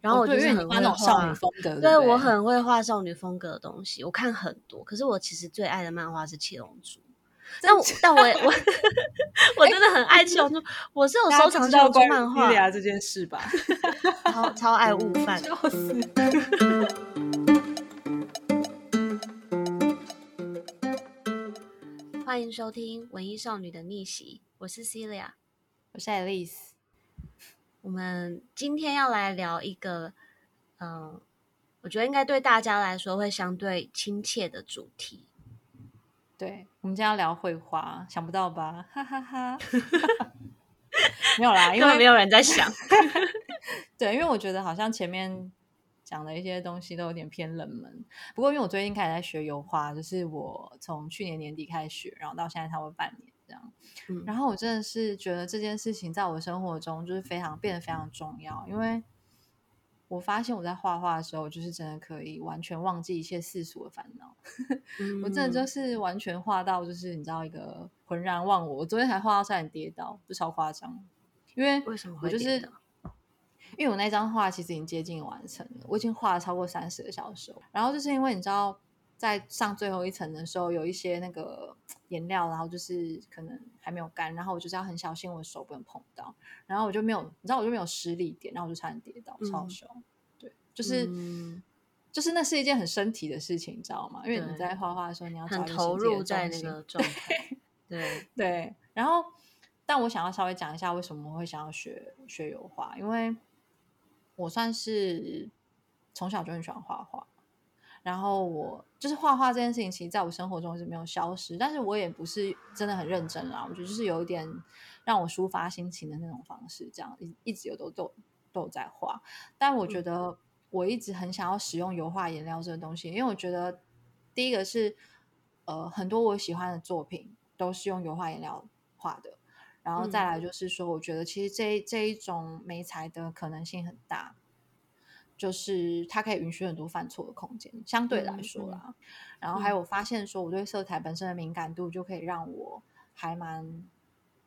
然後我就是很會畫那種少女風格，對，對我很會畫少女風格的東西，我看很多。啊、可是我其實最愛的漫畫是《七龍珠》的的，但我但我我 我真的很愛《七龍珠》，我是有收藏漫畫《七龍珠》漫畫。莉 亞這件事吧， 超超愛悟飯，就是，笑死！歡迎收聽《文藝少女的逆襲》，我是 Celia，我是 Alice。我們今天要來聊一個，嗯、呃，我覺得應該對大家來說會相對親切的主題。對，我們今天要聊繪畫，想不到吧？哈哈哈，哈， 沒有啦，因 為沒有人在想 對，因為我覺得好像前面講的一些東西都有點偏冷門。不過，因為我最近開始在學油畫，就是我從去年年底開始學，然後到現在差不多半年。這樣，然後我真的是覺得這件事情在我生活中就是非常、嗯、變得非常重要，因為我發現我在畫畫的時候，我就是真的可以完全忘記一切世俗的煩惱。嗯、 我真的就是完全畫到，就是你知道一個渾然忘我。我昨天還畫到差點跌倒，就超誇張。因為、就是、為什麼我就是因為我那張畫其實已經接近完成了，我已經畫了超過三十個小時。然後就是因為你知道。在上最後一層的時候，有一些那個顏料，然後就是可能還沒有乾，然後我就是要很小心，我的手不能碰到，然後我就沒有，你知道我就沒有施力點，然後我就差點跌倒，超兇、嗯。對，就是、嗯、就是那是一件很身體的事情，你知道嗎？因為你在畫畫的時候，你要很投入在那個狀態，對對，對，對。然後，但我想要稍微講一下，為什麼我會想要學學油畫，因為我算是從小就很喜歡畫畫。然後我就是畫畫這件事情，其實在我生活中是沒有消失，但是我也不是真的很認真啦。我覺得就是有一點讓我抒發心情的那種方式，這樣一一直有都都都在畫。但我覺得我一直很想要使用油畫顏料這個東西，因為我覺得第一個是呃很多我喜歡的作品都是用油畫顏料畫的，然後再來就是說，我覺得其實這這一種媒材的可能性很大。就是它可以允許很多犯錯的空間，相對來說啦、嗯嗯。然後還有發現說，我對色彩本身的敏感度就可以讓我還蠻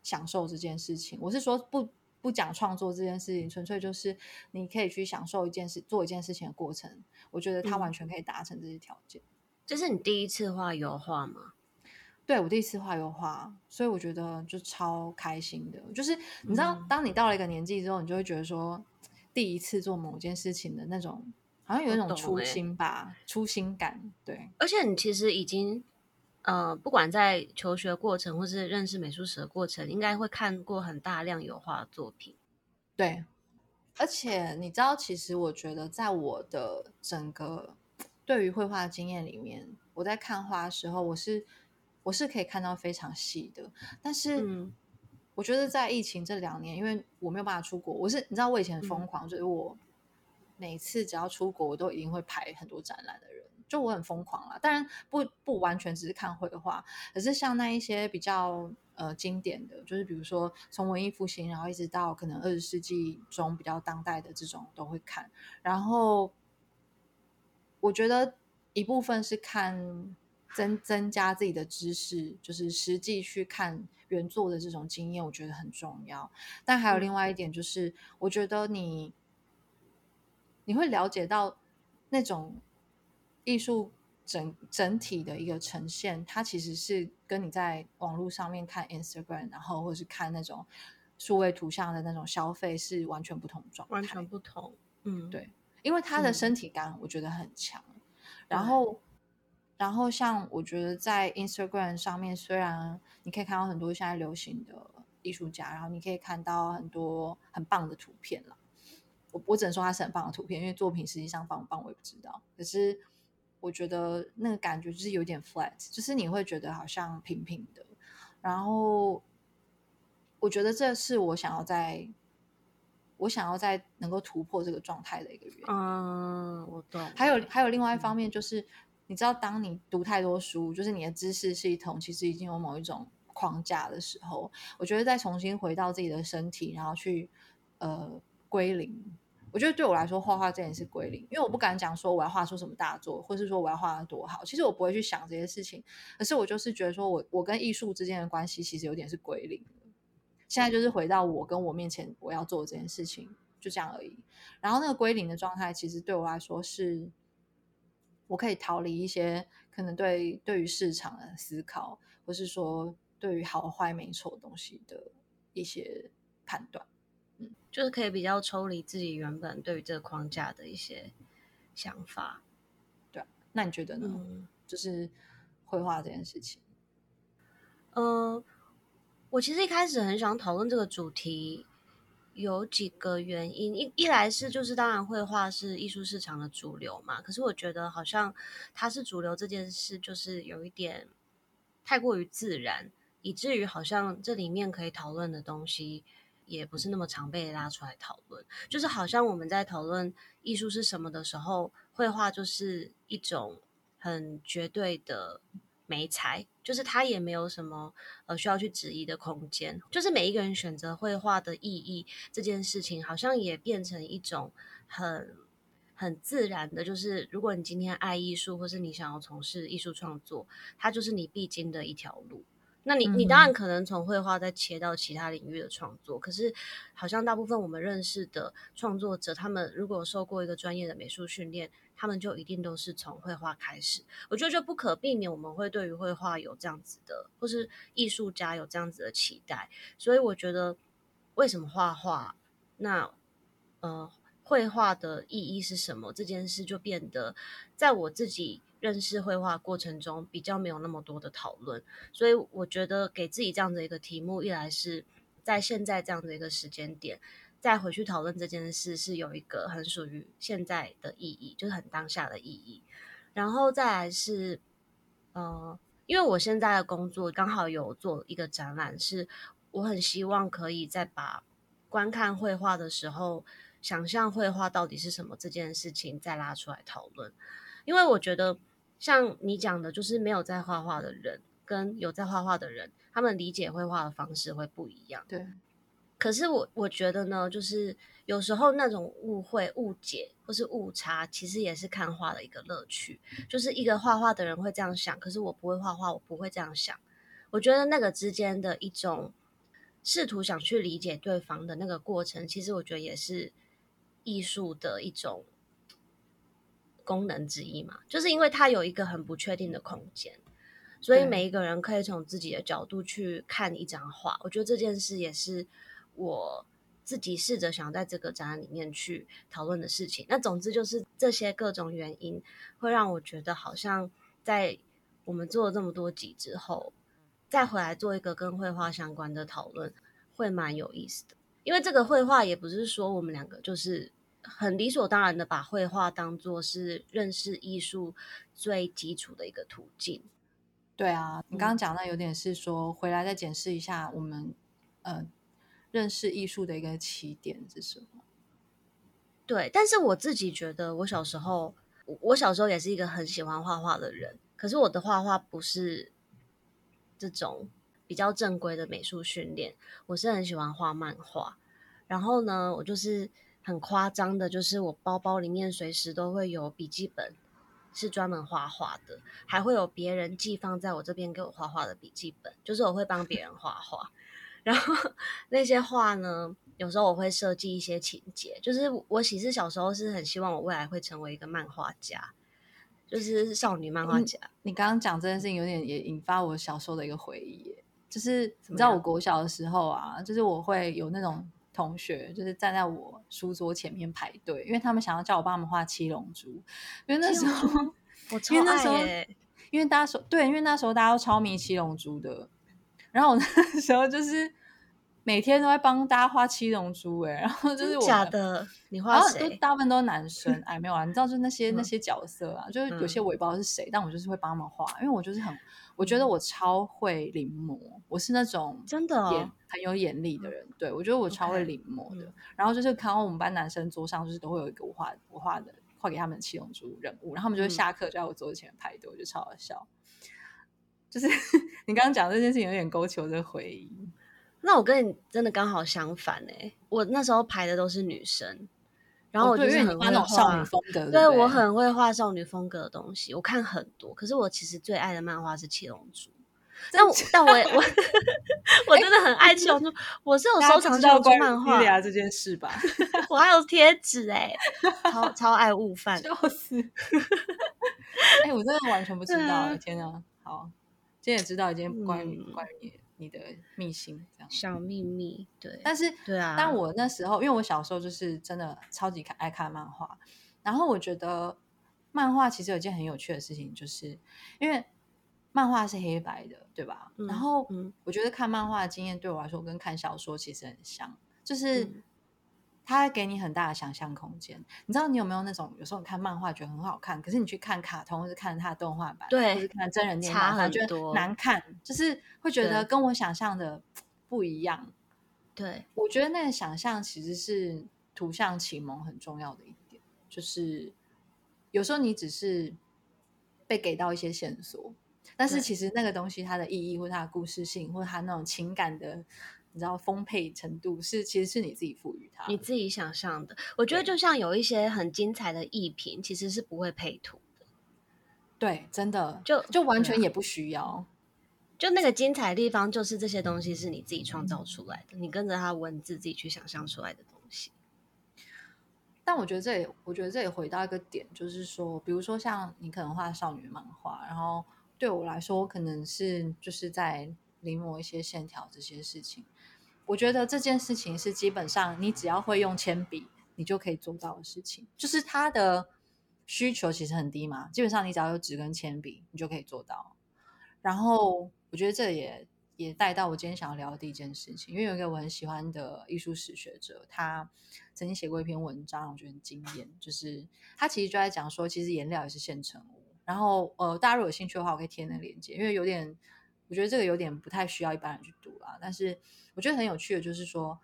享受這件事情。我是說不，不不講創作這件事情，純粹就是你可以去享受一件事、做一件事情的過程。我覺得它完全可以達成這些條件。這是你第一次畫油畫嗎？對我第一次畫油畫，所以我覺得就超開心的。就是你知道、嗯，當你到了一個年紀之後，你就會覺得說。第一次做某件事情的那種，好像有一種初心吧，欸、初心感，對。而且你其實已經，呃，不管在求學過程或是認識美術史的過程，應該會看過很大量油畫作品。對，而且你知道，其實我覺得，在我的整個對於繪畫的經驗裡面，我在看畫的時候，我是我是可以看到非常細的，但是。嗯我覺得在疫情這兩年，因為我沒有辦法出國，我是你知道，我以前很瘋狂，就是我每次只要出國，我都一定會排很多展覽的人，就我很瘋狂啦。當然，不不完全只是看繪畫，可是像那一些比較呃經典的就是，比如說從文藝復興，然後一直到可能二十世紀中比較當代的這種都會看。然後我覺得一部分是看。增增加自己的知識，就是實際去看原作的這種經驗，我覺得很重要。但還有另外一點，就是、嗯、我覺得你你會了解到那種藝術整整體的一個呈現，它其實是跟你在網絡上面看 Instagram，然後或是看那種數位圖像的那種消費是完全不同狀態，完全不同。嗯，對，因為他的身體感我覺得很強，嗯、然後。嗯然後，像我覺得在 Instagram 上面，雖然你可以看到很多現在流行的藝術家，然後你可以看到很多很棒的圖片啦。我我只能說它是很棒的圖片，因為作品實際上棒不棒我也不知道。可是我覺得那個感覺就是有點 flat，就是你會覺得好像平平的。然後我覺得這是我想要在，我想要在能夠突破這個狀態的一個原因。嗯、uh,，我懂。還有還有另外一方面就是。嗯你知道，當你讀太多書，就是你的知識系統其實已經有某一種框架的時候，我覺得再重新回到自己的身體，然後去呃歸零。我覺得對我來說，畫畫這件事歸零，因為我不敢講說我要畫出什麼大作，或是說我要畫得多好。其實我不會去想這些事情，可是我就是覺得說我我跟藝術之間的關係其實有點是歸零。現在就是回到我跟我面前我要做這件事情，就這樣而已。然後那個歸零的狀態，其實對我來說是。我可以逃離一些可能對對於市場的思考，或是說對於好壞沒錯東西的一些判斷，嗯，就是可以比較抽離自己原本對於這個框架的一些想法，對、啊，那你覺得呢？嗯、就是繪畫這件事情，嗯、呃，我其實一開始很想討論這個主題。有幾個原因，一一來是就是當然，繪畫是藝術市場的主流嘛。可是我覺得好像它是主流這件事，就是有一點太過於自然，以至於好像這裡面可以討論的東西也不是那麼常被拉出來討論。就是好像我們在討論藝術是什麼的時候，繪畫就是一種很絕對的。沒才，就是他也沒有什麼呃需要去質疑的空間。就是每一個人選擇繪畫的意義這件事情，好像也變成一種很很自然的，就是如果你今天愛藝術，或是你想要從事藝術創作，它就是你必經的一條路。那你你當然可能從繪畫再切到其他領域的創作，嗯，可是好像大部分我們認識的創作者，他們如果受過一個專業的美術訓練，他們就一定都是從繪畫開始。我覺得就不可避免，我們會對於繪畫有這樣子的，或是藝術家有這樣子的期待。所以我覺得，為什麼畫畫？那呃，繪畫的意義是什麼？這件事就變得在我自己認識繪畫過程中比較沒有那麼多的討論，所以我覺得給自己這樣的一個題目，一來是在現在這樣的一個時間點再回去討論這件事，是有一個很屬於現在的意義，就是很當下的意義。然後再來是，嗯，因為我現在的工作剛好有做一個展覽，是我很希望可以再把觀看繪畫的時候，想象繪畫到底是什麼這件事情再拉出來討論，因為我覺得。像你講的，就是沒有在畫畫的人跟有在畫畫的人，他們理解繪畫的方式會不一樣。對。可是我我覺得呢，就是有時候那種誤會、誤解或是誤差，其實也是看畫的一個樂趣。嗯。就是一個畫畫的人會這樣想，可是我不會畫畫，我不會這樣想。我覺得那個之間的一種試圖想去理解對方的那個過程，其實我覺得也是藝術的一種。功能之一嘛，就是因為它有一個很不確定的空間，所以每一個人可以從自己的角度去看一張畫。我覺得這件事也是我自己試着想在這個展覽裡面去討論的事情。那總之就是這些各種原因，會讓我覺得好像在我們做了這麼多集之後，再回來做一個跟繪畫相關的討論，會蠻有意思的。因為這個繪畫也不是說我們兩個就是。很理所當然的把繪畫當做是認識藝術最基礎的一個途徑。對啊，你剛剛講的有點是說回來再檢視一下我們呃認識藝術的一個起點是什麼？對，但是我自己覺得我小時候我小時候也是一個很喜歡畫畫的人，可是我的畫畫不是這種比較正規的美術訓練，我是很喜歡畫漫畫，然後呢，我就是。很誇張的，就是我包包裡面隨時都會有筆記本，是專門畫畫的，還會有別人寄放在我這邊給我畫畫的筆記本，就是我會幫別人畫畫。 然後那些畫呢，有時候我會設計一些情節。就是我其實小時候是很希望我未來會成為一個漫畫家，就是少女漫畫家。你剛剛講這件事情，有點也引發我小時候的一個回憶，就是你知道，我國小的時候啊，就是我會有那種。同學就是站在我書桌前面排隊，因為他們想要叫我幫他們畫七龍珠，七龍珠。因為那時候，我超愛、欸、因為那時候，對，因為那時候大家都超迷七龍珠的。然後我那時候就是每天都會幫大家畫七龍珠、欸，哎，然後就是我的假的，你畫誰？然後都大部分都是男生、嗯，哎，沒有啊，你知道，就那些那些角色啊、嗯，就是有些我也不知道是誰，但我就是會幫他們畫，因為我就是很。我覺得我超會臨摹，我是那種真的、哦、很有眼力的人。嗯、對我覺得我超會臨摹的。Okay, 然後就是看我們班男生桌上就是都會有一個我畫我畫的畫給他們的七龍珠人物，然後他們就會下課就在我桌子前排隊、嗯，我就超好笑。就是 你剛剛講這件事情有點勾起我的回憶。那我跟你真的剛好相反哎、欸，我那時候排的都是女生。然後我就是很會畫那種少女風格對對，對我很會畫少女風格的東西，我看很多。可是我其實最愛的漫畫是《七龍珠》，但我但我我我真的很愛《七龍珠》，我是有收藏到過漫畫。你倆這件事吧， 我還有貼紙誒、欸，超超愛悟飯、就是，笑死！哎，我真的完全不知道了，天哪！好，今天也知道，今天關於、嗯、關於你。你的祕辛，小秘密，對，但是，對啊，但我那時候，因為我小時候就是真的超級愛看漫畫，然後我覺得漫畫其實有一件很有趣的事情，就是因為漫畫是黑白的，對吧？嗯，然後我覺得看漫畫的經驗對我來說，我跟看小說其實很像，就是。嗯它給你很大的想象空間。你知道你有沒有那種有時候你看漫畫覺得很好看，可是你去看卡通或者看它的動畫版，對，或者看真人電影，差很多，覺得難看，就是會覺得跟我想象的不一樣。對，我覺得那個想象其實是圖像啟蒙很重要的一點，就是有時候你只是被給到一些線索，但是其實那個東西它的意義或者它的故事性或者它那種情感的。你知道豐沛程度是，其實是你自己賦予它，你自己想象的。我覺得就像有一些很精彩的藝品，其實是不會配圖的。對，真的，就就完全也不需要。就那個精彩的地方，就是這些東西是你自己創造出來的，嗯、你跟着它文字自己去想象出來的東西。但我覺得這裡，我覺得這也回到一個點，就是說，比如說像你可能畫少女漫畫，然後對我來說，我可能是就是在。臨摹一些線條這些事情，我覺得這件事情是基本上你只要會用鉛筆，你就可以做到的事情。就是它的需求其實很低嘛，基本上你只要有紙跟鉛筆，你就可以做到。然後我覺得這也也帶到我今天想要聊的第一件事情，因為有一個我很喜歡的藝術史學者，他曾經寫過一篇文章，我覺得很驚艷，就是他其實就在講說，其實顏料也是現成物。然後呃，大家如果有興趣的話，我可以貼那個鏈接，因為有點。我覺得這個有點不太需要一般人去讀啊，但是我覺得很有趣的，就是說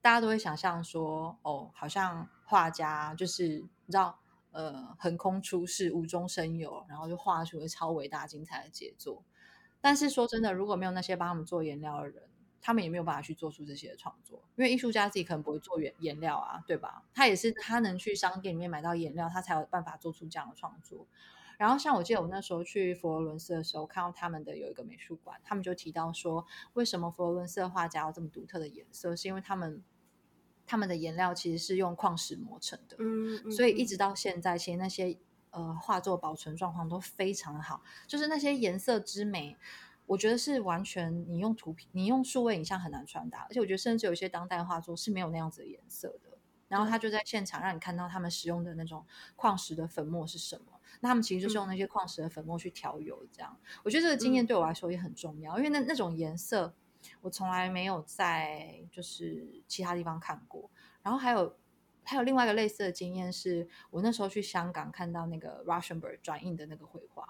大家都會想象說，哦，好像畫家就是你知道，呃，橫空出世，無中生有，然後就畫出了超偉大、精彩的傑作。但是說真的，如果沒有那些幫他們做顏料的人，他們也沒有辦法去做出這些的創作，因為藝術家自己可能不會做顏顏料啊，對吧？他也是他能去商店裡面買到顏料，他才有辦法做出這樣的創作。然後，像我記得我那時候去佛羅倫斯的時候，我看到他們的有一個美術館，他們就提到說，為什麼佛羅倫斯的畫家有這麼獨特的顏色，是因為他們他們的顏料其實是用礦石磨成的。所以一直到現在，其實那些呃畫作保存狀況都非常好，就是那些顏色之美，我覺得是完全你用圖片、你用數位影像很難傳達。而且我覺得，甚至有一些當代畫作是沒有那樣子的顏色的。然後他就在現場讓你看到他們使用的那種礦石的粉末是什麼。那他們其實就是用那些礦石的粉末去調油，這樣、嗯、我覺得這個經驗對我來說也很重要，嗯、因為那那種顏色我從來沒有在就是其他地方看過。然後還有還有另外一個類似的經驗，是我那時候去香港看到那個 Rauschenberg 轉印的那個繪畫，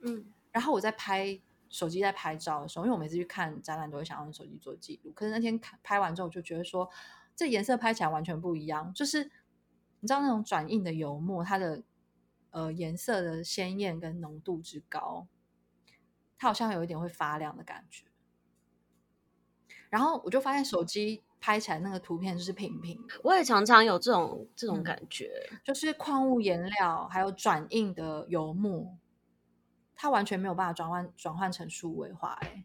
嗯，然後我在拍手機在拍照的時候，因為我每次去看展覽都會想要用手機做記錄，可是那天拍完之後我就覺得說，這顏色拍起來完全不一樣，就是你知道那種轉印的油墨它的。呃，顏色的鮮豔跟濃度之高，它好像有一點會發亮的感覺。然後我就發現手機拍起來那個圖片就是平平。我也常常有這種這種感覺，嗯、就是礦物顏料還有轉印的油墨，它完全沒有辦法轉換轉換成數位化、欸。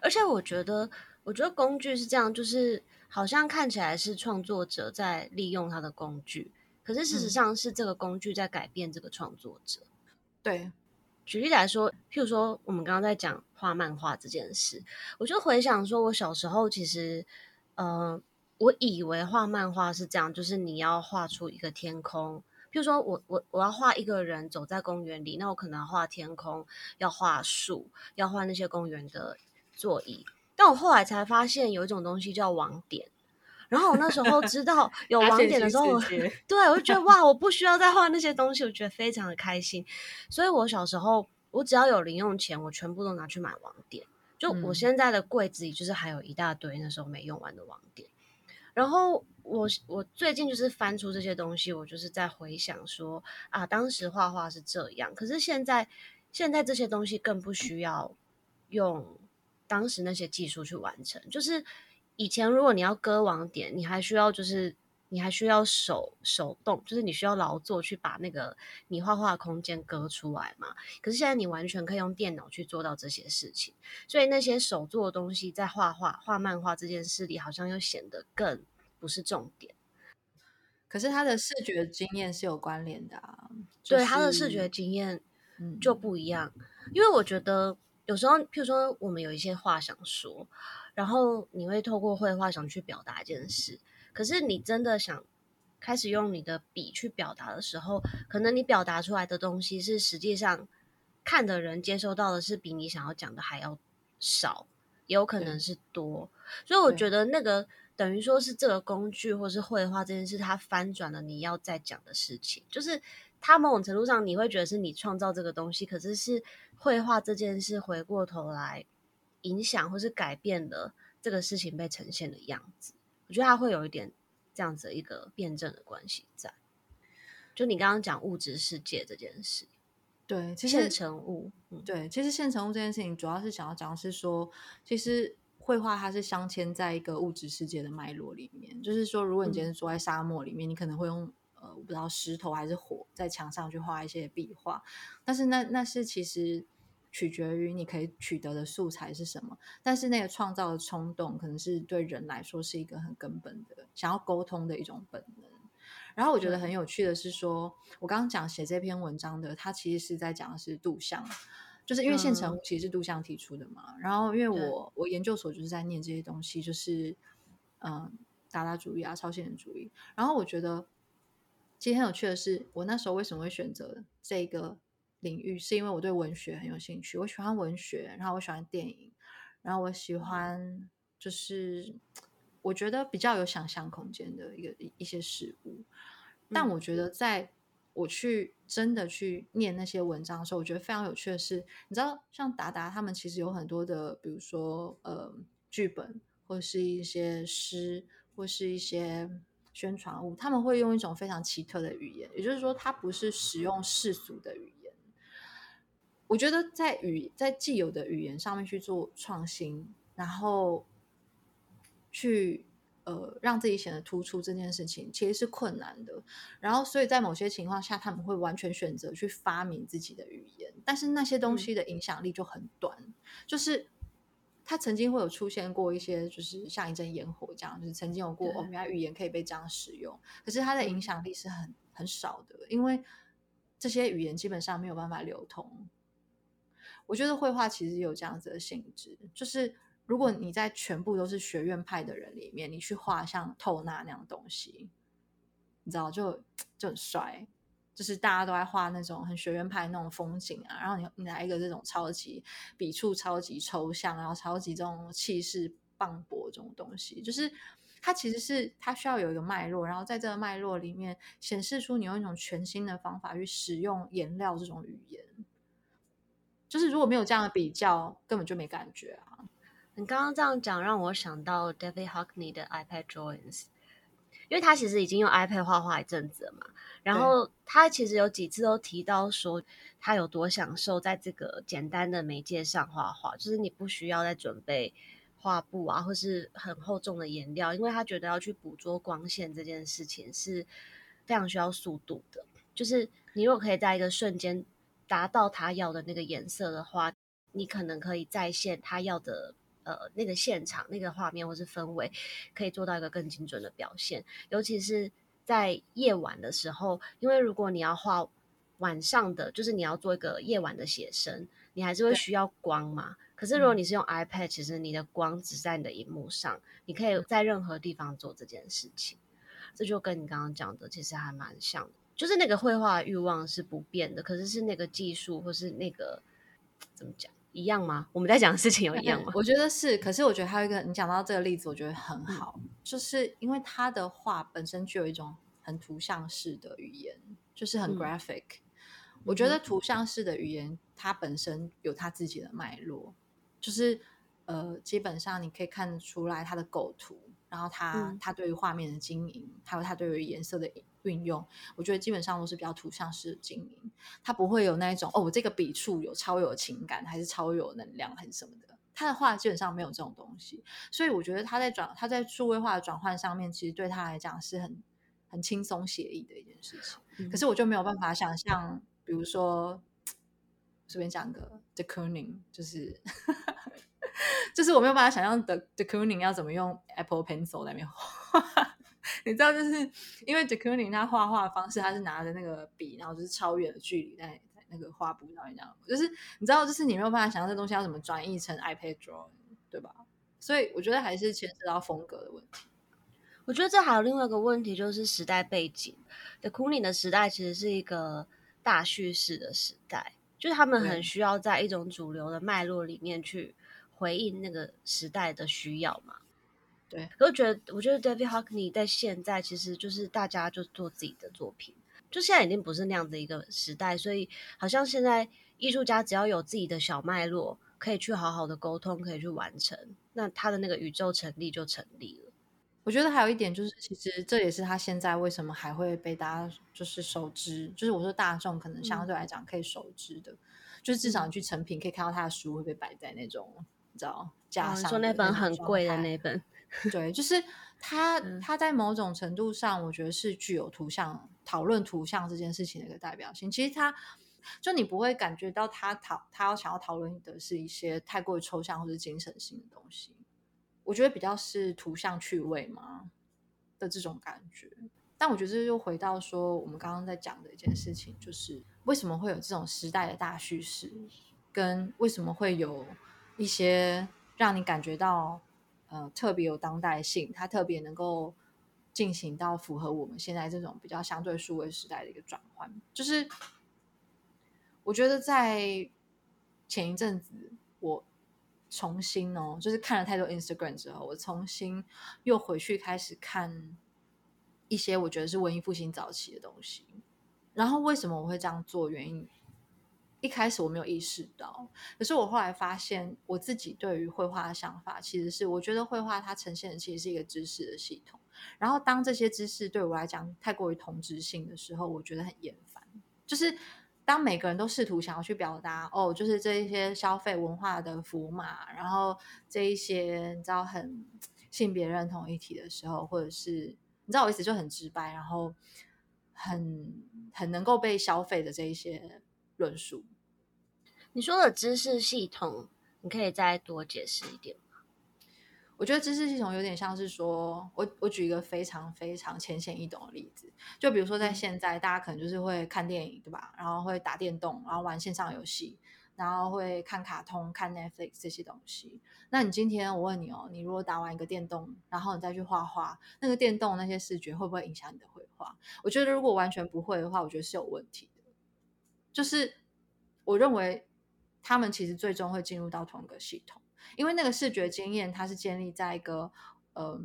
而且我覺得，我覺得工具是這樣，就是好像看起來是創作者在利用他的工具。可是事實上是這個工具在改變這個創作者。嗯，對，舉例來說，譬如說我們剛剛在講畫漫畫這件事，我就回想說我小時候其實，嗯，呃，我以為畫漫畫是這樣，就是你要畫出一個天空，譬如說我我我要畫一個人走在公園裡，那我可能要畫天空，要畫樹，要畫那些公園的座椅。但我後來才發現有一種東西叫網點。 然後我那時候知道有網點的時候我， 去 對，我就覺得哇，我不需要再畫那些東西，我覺得非常的開心。所以，我小時候，我只要有零用錢，我全部都拿去買網點。就我現在的櫃子裡，就是還有一大堆那時候沒用完的網點。嗯、然後我我最近就是翻出這些東西，我就是在回想說啊，當時畫畫是這樣，可是現在現在這些東西更不需要用當時那些技術去完成，就是。以前如果你要割網點，你還需要就是你還需要手手動，就是你需要勞作去把那個你畫畫的空間割出來嘛。可是現在你完全可以用電腦去做到這些事情，所以那些手做的東西在畫畫、畫漫畫這件事裡，好像又顯得更不是重點。可是他的視覺經驗是有關聯的啊，就是，對他的視覺經驗就不一樣，嗯。因為我覺得有時候，譬如說我們有一些話想說。然後你會透過繪畫想去表達一件事，可是你真的想開始用你的筆去表達的時候，可能你表達出來的東西是實際上看的人接收到的是比你想要講的還要少，也有可能是多。所以我覺得那個等於說是這個工具或是繪畫這件事，它翻轉了你要再講的事情，就是它某種程度上你會覺得是你創造這個東西，可是是繪畫這件事回過頭來影響或是改變的這個事情被呈現的樣子，我覺得它會有一點這樣子一個辯證的關係在。就你剛剛講物質世界這件事，對，其實現成物，嗯，對，其實現成物這件事情，主要是想要講的是說，其實繪畫它是鑲嵌在一個物質世界的脈絡裡面。就是說，如果你今天住在沙漠裡面，嗯，你可能會用呃，我不知道石頭還是火，在牆上去畫一些些壁畫，但是那那是其實，取決於你可以取得的素材是什麼，但是那個創造的衝動，可能是對人來說是一個很根本的想要溝通的一種本能。然後我覺得很有趣的是說，我剛剛講寫這篇文章的，他其實是在講的是杜象，就是因為現成其實是杜象提出的嘛。然後因為我我研究所就是在念這些東西，就是嗯，達達主義啊，超現實主義。然後我覺得其實很有趣的是，我那時候為什麼會選擇這個？領域是因為我對文學很有興趣，我喜歡文學，然後我喜歡電影，然後我喜歡就是我覺得比較有想象空間的一個一些事物。但我覺得，在我去真的去念那些文章的時候，我覺得非常有趣的是，你知道，像達達他們其實有很多的，比如說，呃，劇本，或是一些詩，或是一些宣傳物，他們會用一種非常奇特的語言，也就是說，他不是使用世俗的語言。我覺得在語在既有的語言上面去做創新，然後去呃讓自己顯得突出這件事情其實是困難的。然後，所以在某些情況下，他們會完全選擇去發明自己的語言，但是那些東西的影響力就很短。嗯、就是他曾經會有出現過一些，就是像一陣煙火這樣，就是曾經有過我們家語言可以被這樣使用，可是它的影響力是很、嗯、很少的，因為這些語言基本上沒有辦法流通。我覺得繪畫其實有這樣子的性質，就是如果你在全部都是學院派的人裡面，你去畫像透納那樣東西，你知道就就很帥。就是大家都在畫那種很學院派的那種風景啊，然後你你來一個這種超級筆觸、超級抽象，然後超級這種氣勢磅礴這種東西，就是它其實是它需要有一個脈絡，然後在這個脈絡裡面顯示出你用一種全新的方法去使用顏料這種語言。就是如果沒有這樣的比較，根本就沒感覺啊！你剛剛這樣講，讓我想到 David Hockney 的 iPad drawings，因為他其實已經用 iPad 畫畫一陣子了嘛。然後他其實有幾次都提到說，他有多享受在這個簡單的媒介上畫畫，就是你不需要再準備畫布啊，或是很厚重的顏料，因為他覺得要去捕捉光線這件事情是非常需要速度的，就是你如果可以在一個瞬間，達到他要的那個顏色的話，你可能可以再現他要的呃那個現場那個畫面或是氛圍，可以做到一個更精準的表現。尤其是在夜晚的時候，因為如果你要畫晚上的，就是你要做一個夜晚的寫生，你還是會需要光嘛。可是如果你是用 iPad，其實你的光只在你的熒幕上，你可以在任何地方做這件事情。這就跟你剛剛講的，其實還蠻像的。就是那個繪畫慾望是不變的，可是是那個技術或是那個怎麼講一樣嗎？我們在講的事情有一樣嗎？我覺得是，可是我覺得還有一個，你講到這個例子，我覺得很好，嗯，就是因為他的畫本身具有一種很圖像式的語言，就是很 graphic，嗯。我覺得圖像式的語言它本身有它自己的脈絡，就是呃，基本上你可以看得出來他的構圖，然後他它、嗯、它對於畫面的經營，還有他對於顏色的影。運用，我覺得基本上都是比較圖像式的經營，他不會有那一種哦，我這個筆觸有超有情感，還是超有能量，很什麼的。他的畫基本上沒有這種東西，所以我覺得他在轉，他在數位化的轉換上面，其實對他來講是很很輕鬆寫意的一件事情、嗯。可是我就沒有辦法想象，比如說隨便講個 de Kooning 就是 就是我沒有辦法想象的 de Kooning 要怎麼用 Apple Pencil 在面畫。 你知道，就是因為 De Kooning 他畫畫的方式，他是拿着那個筆，然後就是超遠的距離在，在那個畫布上，你知道嗎？就是你知道，就是你沒有辦法想象這東西要怎麼轉譯成 iPad Drawing，對吧？所以我覺得還是牽扯到風格的問題。我覺得這還有另外一個問題，就是時代背景。De Kooning 的時代其實是一個大敘事的時代，就是他們很需要在一種主流的脈絡裡面去回應那個時代的需要嘛。對，可是我覺得，我覺得 David Hockney 在現在，其實就是大家就做自己的作品，就現在已經不是那樣的一個時代，所以好像現在藝術家只要有自己的小脈絡，可以去好好的溝通，可以去完成，那他的那個宇宙成立就成立了。我覺得還有一點就是，其實這也是他現在為什麼還會被大家就是熟知，就是我說大眾可能相對來講可以熟知的、嗯，就是至少去成品可以看到他的書會被擺在那種你知道加上、嗯，說那本很貴的那本。 對，就是他、嗯，他在某種程度上，我覺得是具有圖像討論圖像這件事情的一個代表性。其實他，就你不會感覺到他討，他要想要討論的是一些太過於抽象或者精神性的東西。我覺得比較是圖像趣味嘛的這種感覺。但我覺得這又回到說，我們剛剛在講的一件事情，就是為什麼會有這種時代的大敘事，跟為什麼會有一些讓你感覺到。呃，特別有當代性，它特別能夠進行到符合我們現在這種比較相對數位時代的一個轉換。就是我覺得在前一陣子，我重新哦，就是看了太多 Instagram 之後，我重新又回去開始看一些我覺得是文藝復興早期的東西。然後為什麼我會這樣做？原因。一開始我沒有意識到，可是我後來發現，我自己對於繪畫的想法其實是，我覺得繪畫它呈現的其實是一個知識的系統。然後，當這些知識對我來講太過於同質性的時候，我覺得很厭煩。就是當每個人都試圖想要去表達，哦，就是這一些消費文化的符碼，然後這一些你知道很性別認同的議題的時候，或者是你知道我意思就很直白，然後很很能夠被消費的這一些論述。你說的知識系統，你可以再多解釋一點嗎？我覺得知識系統有點像是說，我我舉一個非常非常淺顯易懂的例子，就比如說在現在，嗯，大家可能就是會看電影，對吧？然後會打電動，然後玩線上遊戲，然後會看卡通、看 Netflix 這些東西。那你今天我問你哦，你如果打完一個電動，然後你再去畫畫，那個電動那些視覺會不會影響你的繪畫？我覺得如果完全不會的話，我覺得是有問題的，就是我認為。他們其實最終會進入到同一個系統，因為那個視覺經驗它是建立在一個，嗯、呃，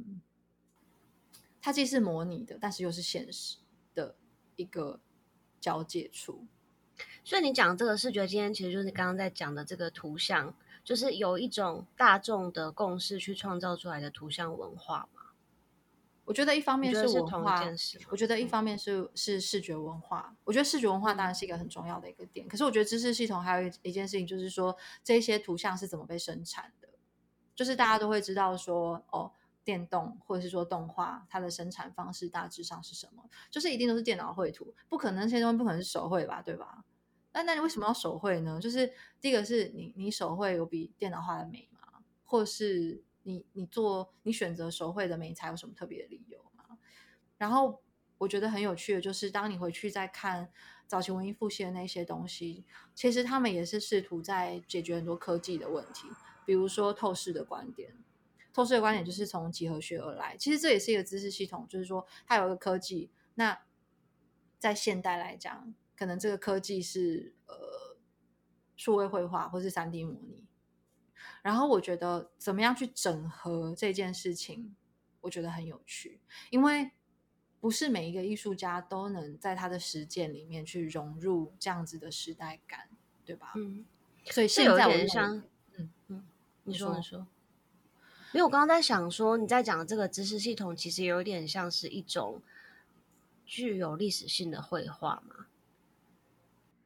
它既是模擬的，但是又是現實的一個交界處。所以你講這個視覺經驗其實就是你剛剛在講的這個圖像，就是有一種大眾的共識去創造出來的圖像文化嘛？我覺得一方面是文化，覺我覺得一方面是是視覺文化。嗯。我覺得視覺文化當然是一個很重要的一個點。可是我覺得知識系統還有一件事情，就是說這些圖像是怎麼被生產的？就是大家都會知道說，哦，電動或者是說動畫，它的生產方式大致上是什麼？就是一定都是電腦繪圖，不可能這些東西不可能是手繪吧？對吧？那那你為什麼要手繪呢？就是第一個是你你手繪有比電腦畫的美嗎？或是？你你做你選擇手繪的媒材有什麼特別的理由嗎？然後我覺得很有趣的，就是當你回去再看早期文藝復興的那些東西，其實他們也是試圖在解決很多科技的問題，比如說透視的觀點。透視的觀點就是從幾何學而來，其實這也是一個知識系統，就是說它有一個科技。那在現代來講，可能這個科技是呃，數位繪畫或是三 D 模擬。然後我覺得怎麼樣去整合這件事情，我覺得很有趣，因為不是每一個藝術家都能在他的實踐裡面去融入這樣子的時代感，對吧？嗯，所以現在我現在是有點……嗯嗯，你說你說，因為我剛剛在想說你在講這個知識系統，其實有點像是一種具有歷史性的繪畫嗎？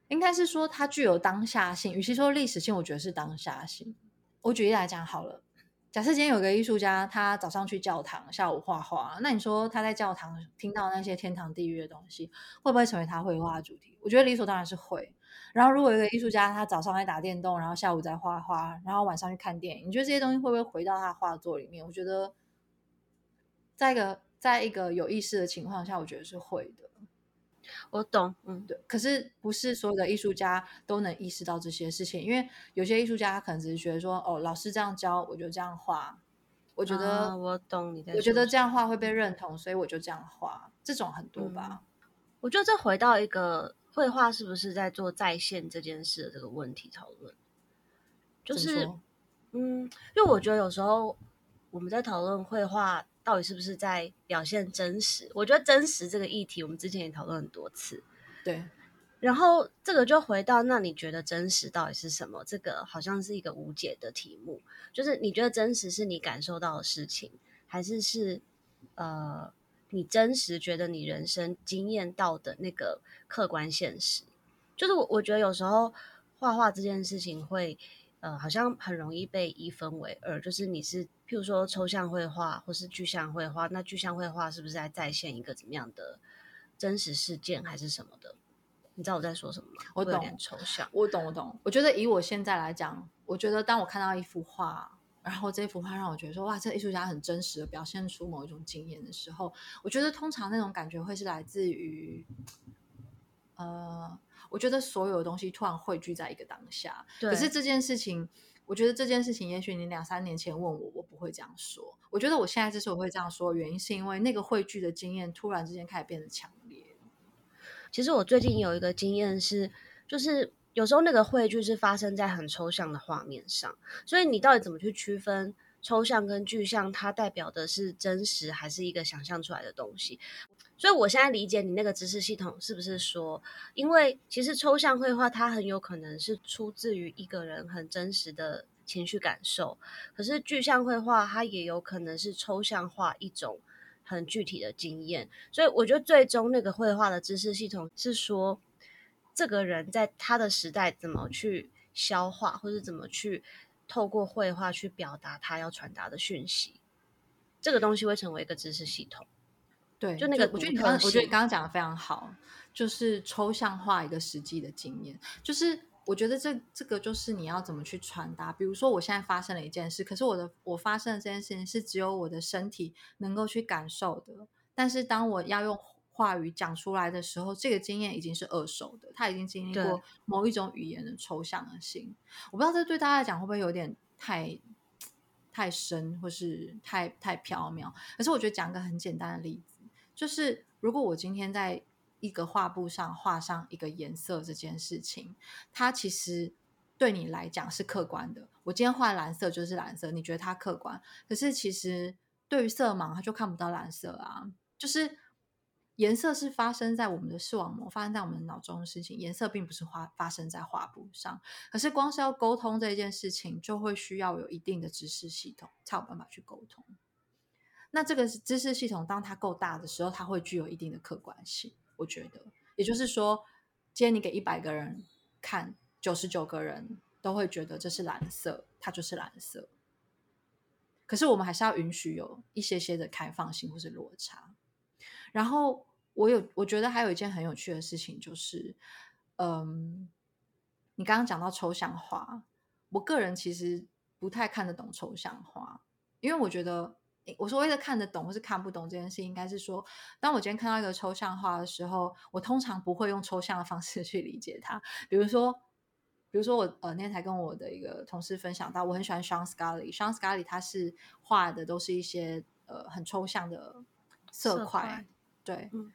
應該是說它具有當下性，與其說歷史性，我覺得是當下性。我舉例來講好了，假設今天有個藝術家，他早上去教堂，下午畫畫，那你說他在教堂聽到那些天堂地獄的東西，會不會成為他繪畫的主題？我覺得理所當然是會。然後如果有一個藝術家，他早上在打電動，然後下午在畫畫，然後晚上去看電影，你覺得這些東西會不會回到他畫作裡面？我覺得，在一個在一個有意識的情況下，我覺得是會的。我懂，嗯，對，可是不是所有的藝術家都能意識到這些事情，因為有些藝術家可能只是覺得說，哦，老師這樣教，我就這樣畫。我覺得、啊、我懂你的，我覺得這樣畫會被認同，所以我就這樣畫。這種很多吧。嗯、我覺得再回到一個繪畫是不是在做在線這件事的這個問題討論，就是，嗯，因為我覺得有時候我們在討論繪畫。到底是不是在表現真實？我覺得真實這個議題，我們之前也討論很多次。對，然後這個就回到那，你覺得真實到底是什麼？這個好像是一個無解的題目。就是你覺得真實是你感受到的事情，還是是呃你真實覺得你人生經驗到的那個客觀現實？就是我我覺得有時候畫畫這件事情會呃好像很容易被一分為二，就是你是。比如說抽象繪畫或是具象繪畫，那具象繪畫是不是在再現一個怎麼樣的真實事件，還是什麼的？你知道我在說什麼嗎？我懂，有點抽象，我懂，我懂，我懂。我覺得以我現在來講，我覺得當我看到一幅畫，然後這幅畫讓我覺得說，哇，這藝術家很真實的表現出某一種經驗的時候，我覺得通常那種感覺會是來自於，呃，我覺得所有東西突然匯聚在一個當下。對，可是這件事情。我覺得這件事情，也許你兩三年前問我，我不會這樣說。我覺得我現在這時候會這樣說，原因是因為那個匯聚的經驗突然之間開始變得強烈。其實我最近有一個經驗是，就是有時候那個匯聚是發生在很抽象的畫面上，所以你到底怎麼去區分？抽象跟具象，它代表的是真實還是一個想象出來的東西？所以我現在理解你那個知識系統，是不是說，因為其實抽象繪畫它很有可能是出自於一個人很真實的情緒感受，可是具象繪畫它也有可能是抽象化一種很具體的經驗。所以我覺得最終那個繪畫的知識系統是說，這個人在他的時代怎麼去消化，或者怎麼去。透過繪畫去表達他要傳達的訊息，這個東西會成為一個知識系統。對，就那個就，我覺得你剛，我覺得你剛剛講的非常好，就是抽象化一個實際的經驗。就是我覺得這這個就是你要怎麼去傳達。比如說，我現在發生了一件事，可是我的我發生的這件事情是只有我的身體能夠去感受的，但是當我要用。話語講出來的時候，這個經驗已經是二手的，他已經經歷過某一種語言的抽象性。我不知道這對大家來講會不會有點太太深，或是太太縹緲。可是我覺得講個很簡單的例子，就是如果我今天在一個畫布上畫上一個顏色這件事情，它其實對你來講是客觀的。我今天畫藍色就是藍色，你覺得它客觀？可是其實對於色盲，他就看不到藍色啊，就是。顏色是發生在我們的視網膜，發生在我們的腦中的事情。顏色並不是花，發生在畫布上，可是光是要溝通這件事情，就會需要有一定的知識系統才有辦法去溝通。那這個知識系統，當它夠大的時候，它會具有一定的客觀性。我覺得，也就是說，今天你給一百個人看，九十九個人都會覺得這是藍色，它就是藍色。可是我們還是要允許有一些些的開放性或是落差，然後。我有，我覺得還有一件很有趣的事情就是，嗯，你剛剛講到抽象畫，我個人其實不太看得懂抽象畫，因為我覺得，我所謂的看得懂或是看不懂這件事，應該是說，當我今天看到一個抽象畫的時候，我通常不會用抽象的方式去理解它，比如說，比如說我呃那天才跟我的一個同事分享到，我很喜歡 Sean Scully，Sean Scully 他是畫的都是一些呃很抽象的色塊，色塊對。嗯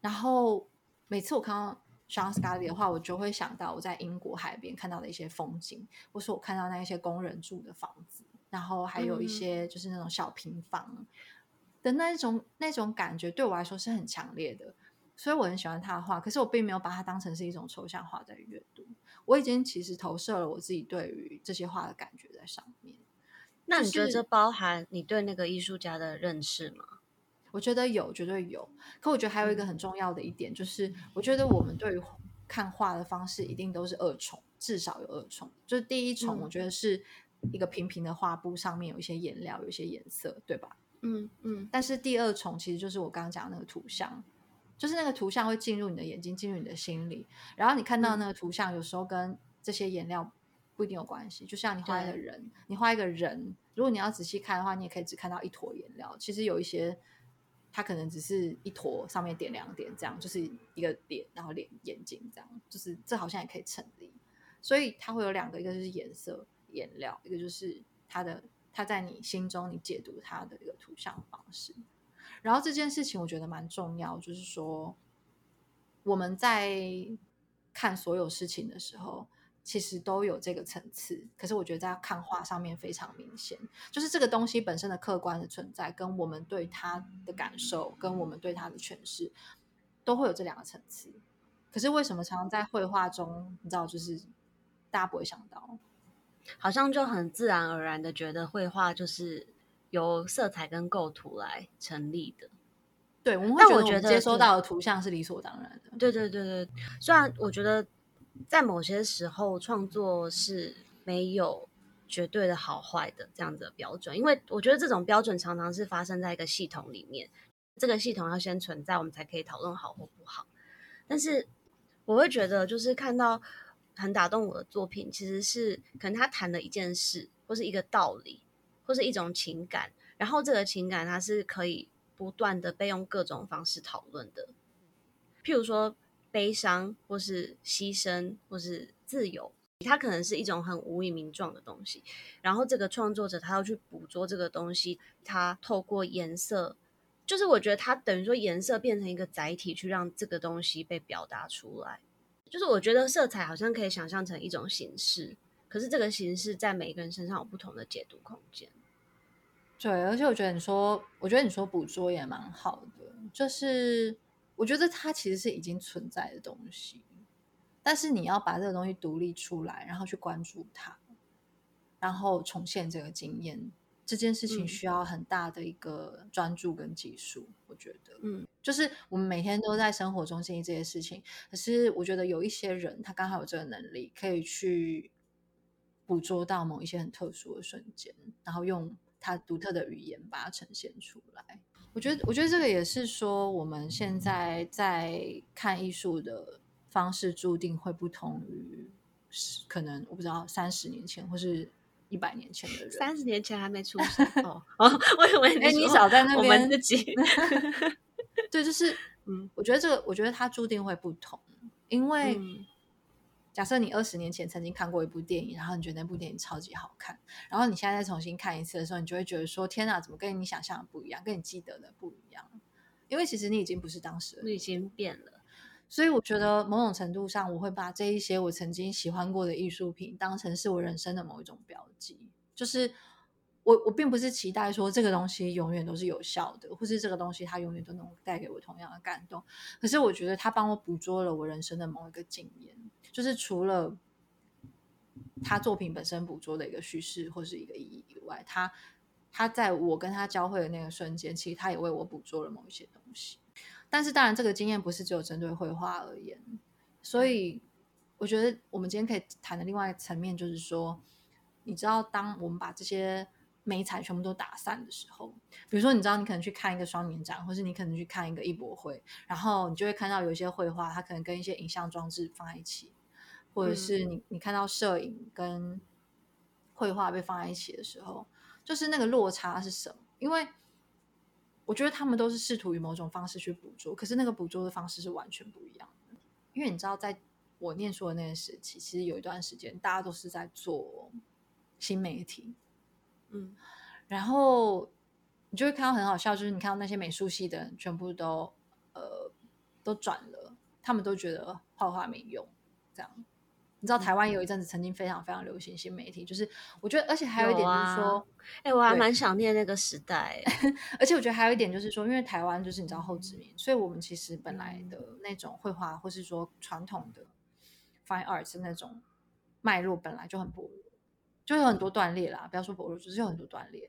然後每次我看到 Sean Scully 的畫，我就會想到我在英國海邊看到的一些風景，或是我看到那一些工人住的房子，然後還有一些就是那種小平房的那種、嗯、那種感覺，對我來說是很強烈的。所以我很喜歡他的畫，可是我並沒有把它當成是一種抽象畫在閱讀。我已經其實投射了我自己對於這些畫的感覺在上面。那你覺得這包含你對那個藝術家的認識嗎？我覺得有，絕對有。可我覺得還有一個很重要的一點，嗯、就是我覺得我們對於看畫的方式，一定都是二重，至少有二重。就是第一重，我覺得是一個平平的畫布上面有一些顏料，嗯、有一些顏色，對吧？嗯嗯。但是第二重，其實就是我剛剛講的那個圖像，就是那個圖像會進入你的眼睛，進入你的心裡。然後你看到那個圖像，有時候跟這些顏料不一定有關係。嗯、就像你畫一個人，你畫一個人，如果你要仔細看的話，你也可以只看到一坨顏料。其實有一些。它可能只是一坨，上面點兩點，這樣就是一個點，然後臉，眼睛，這樣就是這好像也可以成立。所以它會有兩個，一個就是顏色顏料，一個就是它的它在你心中你解讀它的一個圖像方式。然後這件事情我覺得蠻重要，就是說我們在看所有事情的時候。其實都有這個層次，可是我覺得在看畫上面非常明顯，就是這個東西本身的客觀的存在，跟我們對它的感受，嗯、跟我們對它的詮釋，都會有這兩個層次。可是為什麼常常在繪畫中，你知道，就是大家不會想到，好像就很自然而然的覺得繪畫就是由色彩跟構圖來成立的。對，我們會覺得接收到的圖像是理所當然的。嗯、對對對對，雖然我覺得。在某些時候，創作是沒有絕對的好壞的這樣子的標準，因為我覺得這種標準常常是發生在一個系統裡面。這個系統要先存在，我們才可以討論好或不好。但是我會覺得，就是看到很打動我的作品，其實是可能他談了一件事，或是一個道理，或是一種情感。然後這個情感，它是可以不斷的被用各種方式討論的。譬如說。悲傷，或是犧牲，或是自由，它可能是一種很無以名狀的東西。然後，這個創作者他要去捕捉這個東西，他透過顏色，就是我覺得它等於說顏色變成一個載體，去讓這個東西被表達出來。就是我覺得色彩好像可以想象成一種形式，可是這個形式在每個人身上有不同的解讀空間。對，而且我覺得你說，我覺得你說捕捉也蠻好的，就是。我覺得它其實是已經存在的東西，但是你要把這個東西獨立出來，然後去關注它，然後重現這個經驗，這件事情需要很大的一個專注跟技術。嗯，我覺得，嗯，就是我們每天都在生活中經歷這些事情，可是我覺得有一些人，他剛好有這個能力，可以去捕捉到某一些很特殊的瞬間，然後用他獨特的語言把它呈現出來。我覺得，我覺得這個也是說，我們現在在看藝術的方式，注定會不同於可能我不知道三十年前或是一百年前的人。三十年前還沒出生 哦， 我以為，哎、欸，你少在那邊自己 對，就是嗯，我覺得這個，我覺得它注定會不同，因為、嗯。假設你二十年前曾經看過一部電影，然後你覺得那部電影超級好看，然後你現在再重新看一次的時候，你就會覺得說：“天哪，怎麼跟你想象的不一樣，跟你記得的不一樣？”因為其實你已經不是當時，你已經變了。所以我覺得某種程度上，我會把這一些我曾經喜歡過的藝術品當成是我人生的某一種標記。就是我我並不是期待說這個東西永遠都是有效的，或是這個東西它永遠都能帶給我同樣的感動。可是我覺得它幫我捕捉了我人生的某一個經驗。就是除了他作品本身捕捉的一個敘事或是一個意義以外，他他在我跟他交匯的那個瞬間，其實他也為我捕捉了某一些東西。但是當然，這個經驗不是只有針對繪畫而言。所以我覺得我們今天可以談的另外一個層面，就是說，你知道，當我們把這些媒材全部都打散的時候，比如說，你知道，你可能去看一個雙年展，或是你可能去看一個藝博會，然後你就會看到有一些繪畫，它可能跟一些影像裝置放在一起。或者是你你看到攝影跟繪畫被放在一起的時候，嗯，就是那個落差是什麼？因為我覺得他們都是試圖以某種方式去捕捉，可是那個捕捉的方式是完全不一樣的。因為你知道，在我念書的那時期，其實有一段時間大家都是在做新媒體，嗯，然後你就會看到很好笑，就是你看到那些美術系的人全部都呃都轉了，他們都覺得畫畫沒用，這樣。你知道台灣有一陣子曾經非常非常流行新媒體，就是我覺得而且還有一點就是說，哎、啊欸，我還蠻想念那個時代。 而且我覺得還有一點就是說，因為台灣就是你知道後殖民、嗯，所以我們其實本來的那種繪畫或是說傳統的 fine arts 那種脈絡本來就很薄弱，就有很多斷裂啦、嗯。不要說薄弱，就是有很多斷裂。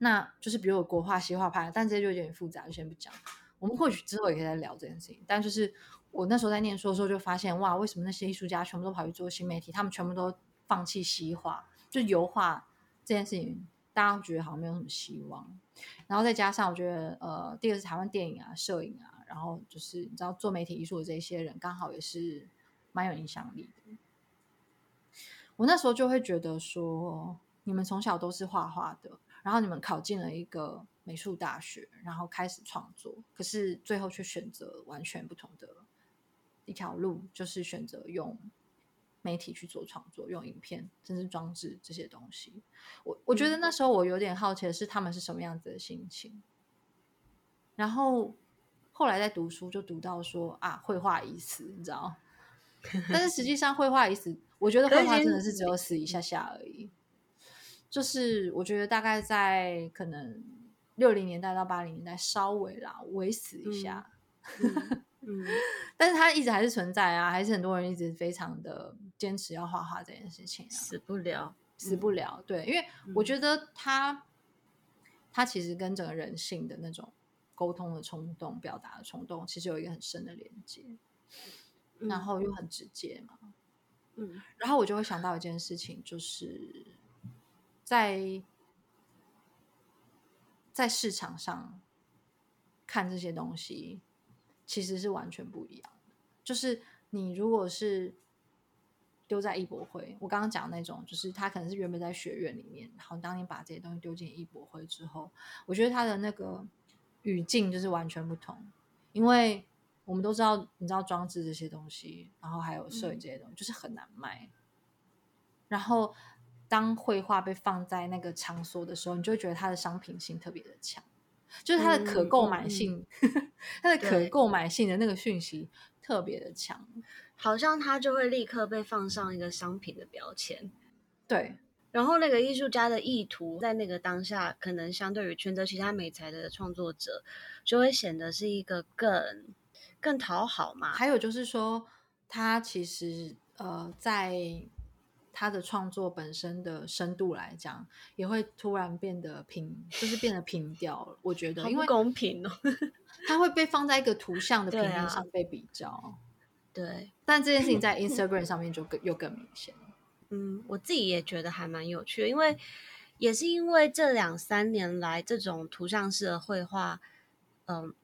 那就是比如國畫西畫派，但這就有點複雜，就先不講。我們或許之後也可以再聊這件事情，但就是。我那時候在念書的時候就發現，哇，為什麼那些藝術家全部都跑去做新媒體？他們全部都放棄西畫，就油畫這件事情，大家覺得好像沒有什麼希望。然後再加上我覺得，呃，第二個是台灣電影啊、攝影啊，然後就是你知道做媒體藝術的這些人，剛好也是蠻有影響力的。我那時候就會覺得說，你們從小都是畫畫的，然後你們考進了一個美術大學，然後開始創作，可是最後卻選擇完全不同的一條路，就是選擇用媒體去做創作，用影片甚至裝置這些東西。我我覺得那時候我有點好奇的是，他們是什麼樣子的心情。然後後來在讀書就讀到說啊，繪畫已死，你知道？但是實際上繪畫已死，我覺得繪畫真的是只有死一下下而已。就是我覺得大概在可能六零年代到八零年代稍微啦，微死一下。嗯嗯。嗯，但是他一直還是存在啊，還是很多人一直非常的堅持要畫畫這件事情啊，死不了，死不了。嗯、對，因為我覺得他他、嗯、其實跟整個人性的那種溝通的衝動、表達的衝動，其實有一個很深的連接，嗯、然後又很直接嘛。嗯，然後我就會想到一件事情，就是在在市場上看這些東西。其實是完全不一樣的，就是你如果是丟在藝博會，我剛剛講那種，就是他可能是原本在學院裡面，然後當你把這些東西丟進藝博會之後，我覺得他的那個語境就是完全不同，因為我們都知道，你知道裝置這些東西，然後還有攝影這些東西，嗯，就是很難賣。然後當繪畫被放在那個場所的時候，你就會覺得它的商品性特別的強。就是它的可購買性，嗯嗯呵呵，它的可購買性的那個訊息特別的強，好像它就會立刻被放上一個商品的標籤。對，然後那個藝術家的意圖在那個當下，可能相對於選擇其他媒材的創作者，就會顯得是一個更更討好嘛。還有就是說，他其實呃在。他的創作本身的深度來講，也會突然變得平，就是變得平調 我覺得很公平哦，他會被放在一個圖像的平面上被比較。 對、啊，但這件事情在 Instagram 上面就更 又更明顯。嗯，我自己也覺得還蠻有趣的，因為也是因為這兩三年來，這種圖像式的繪畫，嗯、呃，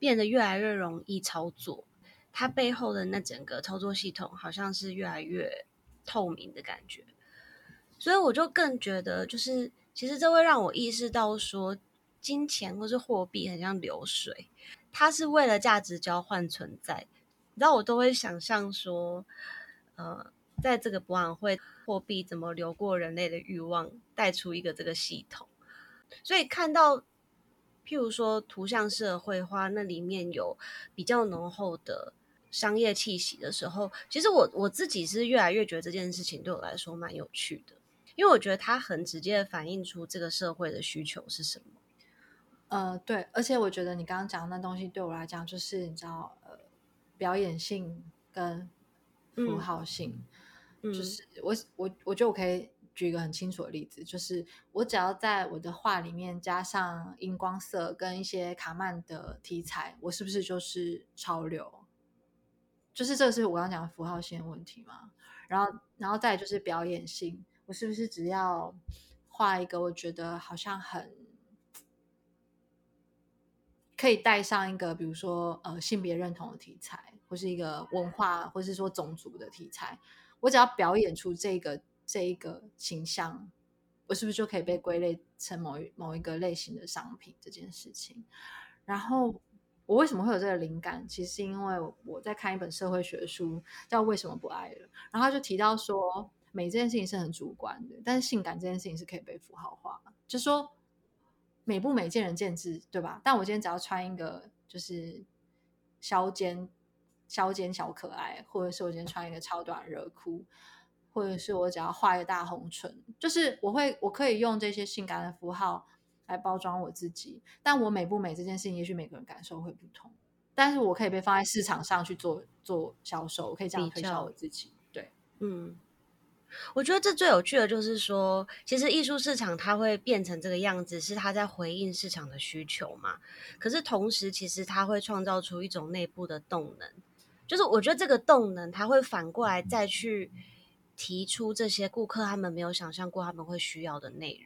變得越來越容易操作，它背後的那整個操作系統好像是越來越。透明的感覺，所以我就更覺得，就是其實這會讓我意識到說，金錢或是貨幣很像流水，它是為了價值交換存在。你知道我都會想象說，呃，在這個博覽會，貨幣怎麼流過人類的欲望，帶出一個這個系統。所以看到譬如說圖像式的繪畫，那裡面有比較濃厚的，商業氣息的時候，其實我我自己是越來越覺得這件事情對我來說蠻有趣的，因為我覺得它很直接反映出這個社會的需求是什麼。呃，對，而且我覺得你剛剛講的那東西對我來講，就是你知道，呃，表演性跟符號性，嗯、就是、嗯、我我我覺得我可以舉一個很清楚的例子，就是我只要在我的畫裡面加上熒光色跟一些卡漫的題材，我是不是就是潮流？就是這個是我剛剛講的符號性問題嘛，然後，然後再來就是表演性。我是不是只要畫一個，我覺得好像很可以帶上一個，比如說呃性別認同的題材，或是一個文化，或是說種族的題材，我只要表演出這個這一個形象，我是不是就可以被歸類成某一某一個類型的商品這件事情？然後。我為什麼會有這個靈感？其實是因為我在看一本社會學書，叫《為什麼不愛了》。然後他就提到說，美這件事情是很主觀的，但是性感這件事情是可以被符號化的，就是說美不美見仁見智，對吧？但我今天只要穿一個就是削肩、削肩小可愛，或者是我今天穿一個超短的熱褲，或者是我只要畫一個大紅唇，就是我會，我可以用這些性感的符號。來包裝我自己，但我美不美這件事情，也許每個人感受會不同。但是我可以被放在市場上去做做銷售，我可以這樣推銷我自己。對，嗯，我覺得這最有趣的，就是說，其實藝術市場它會變成這個樣子，是它在回應市場的需求嘛。可是同時，其實它會創造出一種內部的動能，就是我覺得這個動能，它會反過來再去提出這些顧客他們沒有想象過他們會需要的內容。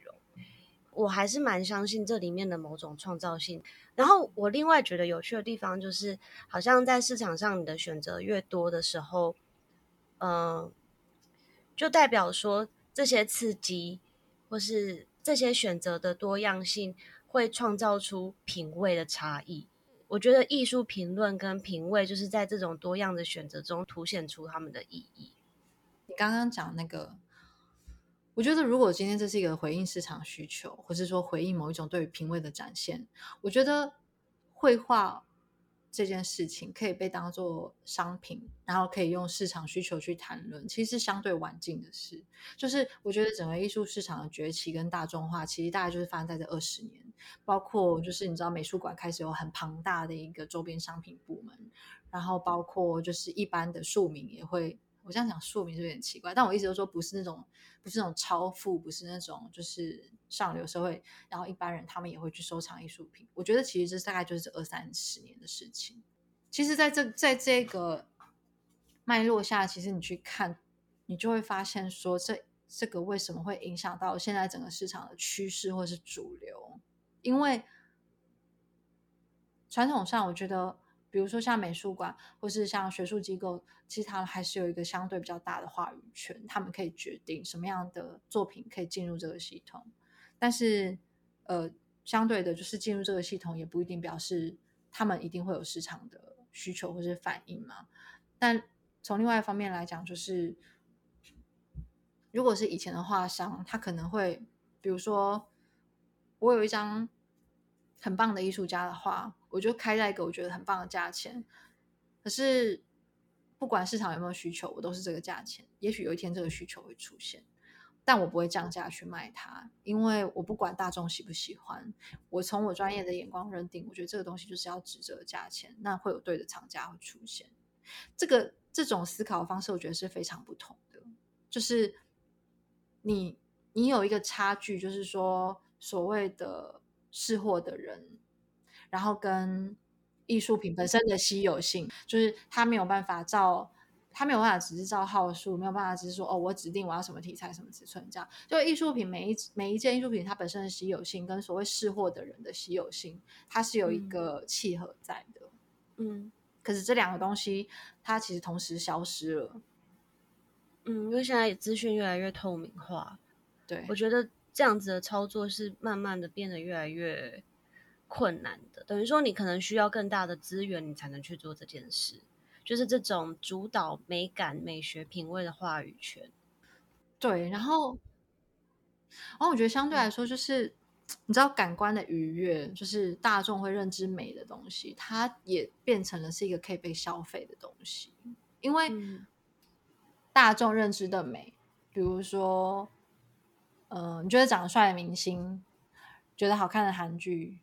我還是蠻相信這裡面的某種創造性。然後我另外覺得有趣的地方就是，好像在市場上你的選擇越多的時候，嗯，就代表說這些刺激或是這些選擇的多樣性會創造出品味的差異。我覺得藝術評論跟品味就是在這種多樣的選擇中凸顯出他們的意義。你剛剛講那個。我覺得，如果今天這是一個回應市場需求，或是說回應某一種對於品味的展現，我覺得繪畫這件事情可以被當做商品，然後可以用市場需求去談論，其實是相對晚近的事。就是我覺得整個藝術市場的崛起跟大眾化，其實大概就是發生在這二十年，包括就是你知道美術館開始有很龐大的一個周邊商品部門，然後包括就是一般的庶民也會。我這樣講說明是不是有點奇怪，但我一直都說不是那種不是那種超富，不是那種就是上流社會，然後一般人他們也會去收藏藝術品。我覺得其實這大概就是這二三十年的事情。其實在，在這在這個脈絡下，其實你去看，你就會發現說，這這個為什麼會影響到現在整個市場的趨勢或是主流？因為傳統上，我覺得。比如說像美術館，或是像學術機構，其實他們還是有一個相對比較大的話語權，他們可以決定什麼樣的作品可以進入這個系統。但是，呃，相對的，就是進入這個系統也不一定表示他們一定會有市場的需求或是反應嘛。但從另外一方面來講，就是如果是以前的畫商，他可能會，比如說，我有一張。很棒的藝術家的話，我就開在一個我覺得很棒的價錢。可是不管市場有沒有需求，我都是這個價錢。也許有一天這個需求會出現，但我不會降價去賣它，因為我不管大眾喜不喜歡，我從我專業的眼光認定，我覺得這個東西就是要值這個價錢，那會有對的廠家會出現。這個這種思考方式，我覺得是非常不同的，就是你你有一個差距，就是說所謂的。識貨的人，然後跟藝術品本身的稀有性，嗯，就是他沒有辦法照，他沒有辦法只是照號數，沒有辦法只是說哦，我指定我要什麼題材、什麼尺寸這樣。就藝術品每一每一件藝術品它本身的稀有性，跟所謂識貨的人的稀有性，它是有一個契合在的。嗯，可是這兩個東西，它其實同時消失了。嗯，因為現在資訊越來越透明化。對，我覺得。這樣子的操作是慢慢的變得越來越困難的，等於說你可能需要更大的資源，你才能去做這件事。就是這種主導美感、美學品味的話語權。對，然後，我覺得相對來說，就是、嗯、你知道，感官的愉悅，就是大眾會認知美的東西，它也變成了是一個可以被消費的東西，因為大眾認知的美，嗯、比如說。嗯、呃，你覺得長得帥的明星，覺得好看的韓劇，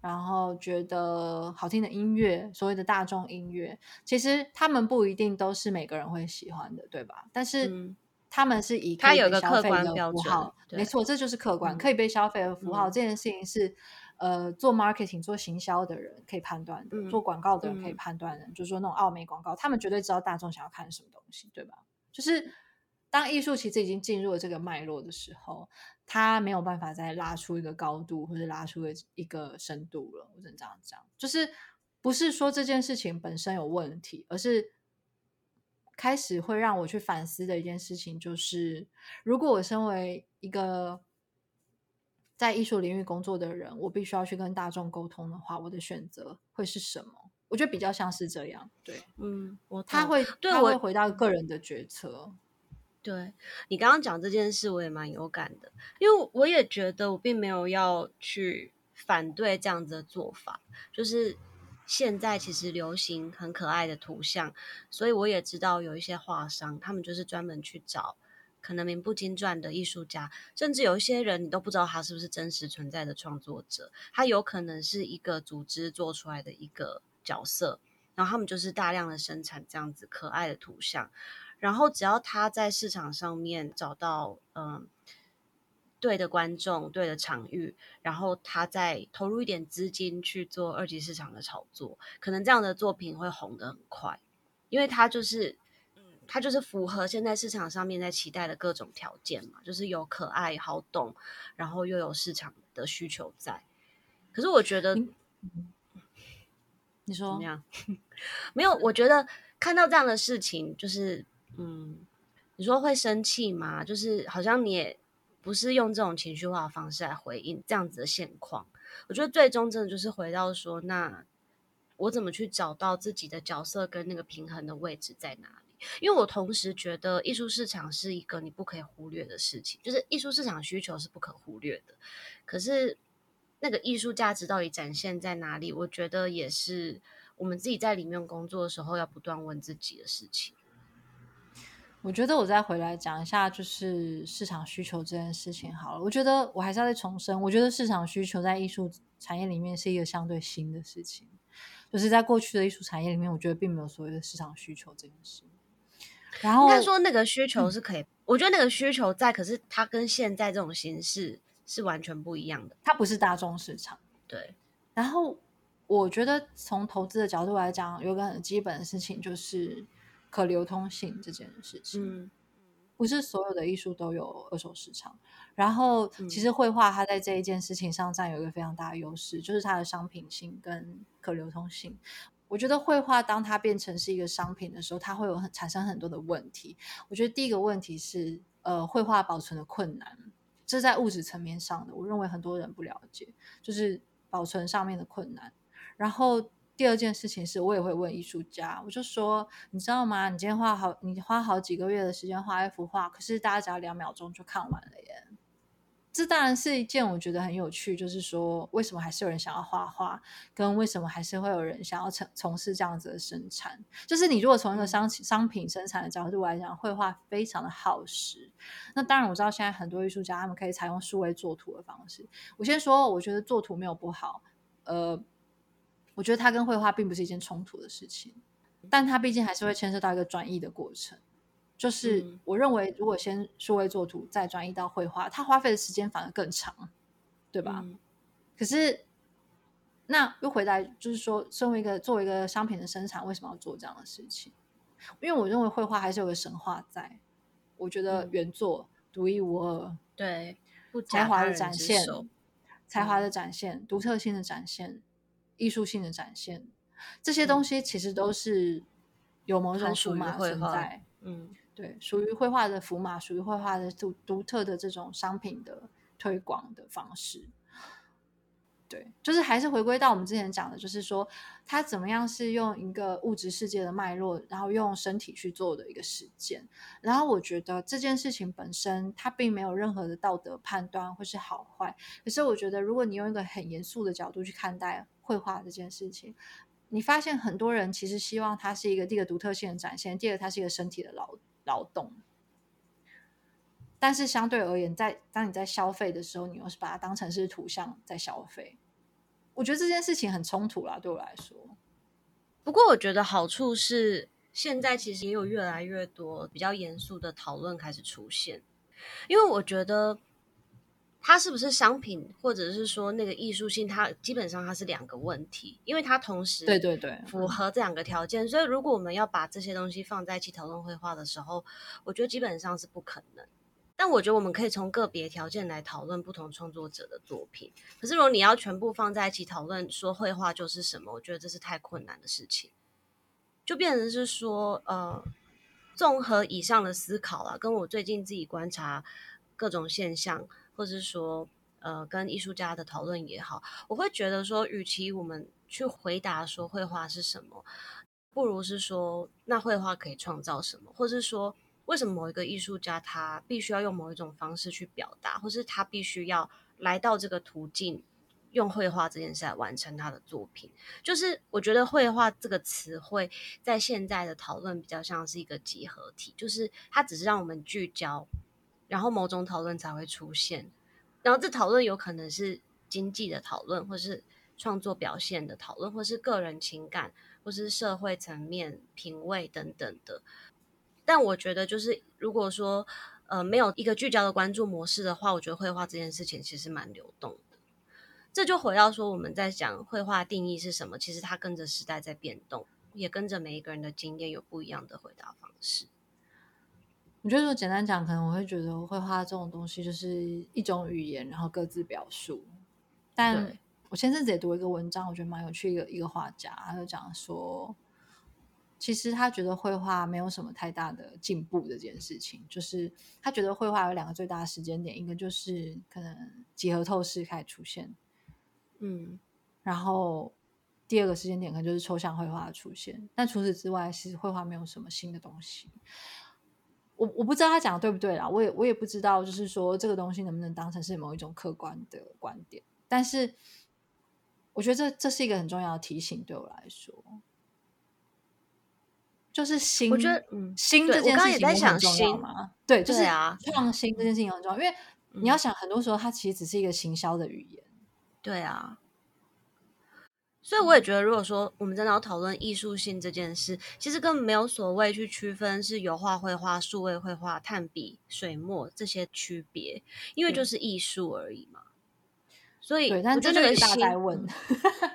然後覺得好聽的音樂，所謂的大眾音樂，其實他們不一定都是每個人會喜歡的，對吧？但是他們是以可以被消費的符號標準，沒錯，這就是客觀可以被消費的符號。嗯、這件事情是呃，做 marketing 做行銷的人可以判斷的，嗯、做廣告的人可以判斷的，嗯、就是說那種奧美廣告，他們絕對知道大眾想要看什麼東西，對吧？就是。當藝術其實已經進入了這個脈絡的時候，它沒有辦法再拉出一個高度，或者拉出一個深度了。我只能這樣講，就是不是說這件事情本身有問題，而是開始會讓我去反思的一件事情，就是如果我身為一個在藝術領域工作的人，我必須要去跟大眾溝通的話，我的選擇會是什麼？我覺得比較像是這樣，對，嗯，他會他會回到個人的決策。對，你剛剛講這件事，我也蠻有感的，因為我也覺得我並沒有要去反對這樣子的做法。就是現在其實流行很可愛的圖像，所以我也知道有一些畫商，他們就是專門去找可能名不經傳的藝術家，甚至有一些人你都不知道他是不是真實存在的創作者，他有可能是一個組織做出來的一個角色，然後他們就是大量的生產這樣子可愛的圖像。然後，只要他在市場上面找到嗯、呃、對的觀眾、對的場域，然後他再投入一點資金去做二級市場的炒作，可能這樣的作品會紅得很快，因為他就是他就是符合現在市場上面在期待的各種條件嘛，就是有可愛、好懂，然後又有市場的需求在。可是我覺得，嗯、你說怎麼樣？ 沒有，我覺得看到這樣的事情，就是。嗯，你說會生氣嗎？就是好像你也不是用這種情緒化的方式來回應這樣子的現況。我覺得最終真的就是回到說，那我怎麼去找到自己的角色跟那個平衡的位置在哪裡？因為我同時覺得藝術市場是一個你不可以忽略的事情，就是藝術市場需求是不可忽略的。可是那個藝術價值到底展現在哪裡？我覺得也是我們自己在裡面工作的時候要不斷問自己的事情。我覺得我再回來講一下，就是市場需求這件事情好了。我覺得我還是要再重申，我覺得市場需求在藝術產業裡面是一個相對新的事情，就是在過去的藝術產業裡面，我覺得並沒有所謂的市場需求這件事。然後他說那個需求是可以、嗯，我覺得那個需求在，可是它跟現在這種形式是完全不一樣的。它不是大眾市場。對。然後我覺得從投資的角度來講，有個很基本的事情就是。可流通性這件事情，嗯，不是所有的藝術都有二手市場。然後，其實繪畫它在這一件事情上占有一個非常大的優勢，就是它的商品性跟可流通性。我覺得繪畫當它變成是一個商品的時候，它會有很產生很多的問題。我覺得第一個問題是，呃，繪畫保存的困難，這在物質層面上的，我認為很多人不了解，就是保存上面的困難。然後。第二件事情是我也會問藝術家，我就說，你知道嗎？你今天畫好，你花好幾個月的時間畫一幅畫，可是大家只要兩秒鐘就看完了耶。這當然是一件我覺得很有趣，就是說，為什麼還是有人想要畫畫，跟為什麼還是會有人想要從從事這樣子的生產。就是你如果從一個商品商品生產的角度來講，繪畫非常的耗時。那當然我知道現在很多藝術家他們可以採用數位作圖的方式。我先說，我覺得作圖沒有不好，呃。我覺得它跟繪畫並不是一件衝突的事情，但它畢竟還是會牽涉到一個轉譯的過程。就是我認為，如果先數位作圖再轉譯到繪畫，它花費的時間反而更長，對吧？嗯、可是，那又回來，就是說，身為一個作為一個商品的生產，為什麼要做這樣的事情？因為我認為繪畫還是有個神話在。我覺得原作、嗯、獨一無二，對，不假他人之手，才華的展現，才華的展現，獨特性的展現。藝術性的展現，這些東西其實都是有某種符碼存在。嗯，嗯對，屬於繪畫的符碼，屬於繪畫的獨獨特的這種商品的推廣的方式。對，就是還是回歸到我們之前講的，就是說它怎麼樣是用一個物質世界的脈絡，然後用身體去做的一個實踐。然後我覺得這件事情本身它並沒有任何的道德判斷或是好壞，可是我覺得如果你用一個很嚴肅的角度去看待繪畫這件事情，你發現很多人其實希望它是一個第一個獨特性的展現，第二個它是一個身體的勞勞動。但是相對而言，在當你在消費的時候，你又是把它當成是圖像在消費。我覺得這件事情很衝突啦，對我來說。不過我覺得好處是，現在其實也有越來越多比較嚴肅的討論開始出現，因為我覺得它是不是商品，或者是說那個藝術性，它基本上它是兩個問題，因為它同時，對對對，符合這兩個條件對對對。嗯。所以如果我們要把這些東西放在一起討論繪畫的時候，我覺得基本上是不可能。但我覺得我們可以從個別條件來討論不同創作者的作品。可是如果你要全部放在一起討論，說繪畫就是什麼，我覺得這是太困難的事情。就變成是說，呃，綜合以上的思考啊，跟我最近自己觀察各種現象，或是說，呃，跟藝術家的討論也好，我會覺得說，與其我們去回答說繪畫是什麼，不如是說，那繪畫可以創造什麼，或是說。為什麼某一個藝術家他必須要用某一種方式去表達，或是他必須要來到這個途徑，用繪畫這件事來完成他的作品。就是我覺得繪畫這個詞彙在現在的討論比較像是一個集合體，就是它只是讓我們聚焦，然後某種討論才會出現。然後這討論有可能是經濟的討論，或是創作表現的討論，或是個人情感，或是社會層面品味等等的。但我覺得，就是如果說，呃，沒有一個聚焦的關注模式的話，我覺得繪畫這件事情其實蠻流動的。這就回到說，我們在講繪畫定義是什麼，其實它跟着時代在變動，也跟着每一個人的經驗有不一樣的回答方式。我覺得簡單講，可能我會覺得繪畫這種東西就是一種語言，然後各自表述。但我前陣子也讀一個文章，我覺得蠻有趣的，一個一個畫家，他就講說。其實他覺得繪畫沒有什麼太大的進步的這件事情，就是他覺得繪畫有兩個最大的時間點，一個就是可能幾何透視開始出現，嗯，然後第二個時間點可能就是抽象繪畫出現。但除此之外，其實繪畫沒有什麼新的東西。我我不知道他講的對不對啦，我也我也不知道，就是說這個東西能不能當成是某一種客觀的觀點。但是我覺得這這是一個很重要的提醒，對我來說。就是新，我覺得、嗯、新這件事我剛也在想要嘛。對，就是創、啊、新這件事情很重要、嗯，因為你要想，很多時候它其實只是一個行銷的語言。對啊，所以我也覺得，如果說我們真的要討論藝術性這件事，其實根本沒有所謂去區分是油畫、繪畫、數位繪畫、炭筆、水墨這些區別，因為就是藝術而已嘛。嗯、所以，對，但這就是大哉問。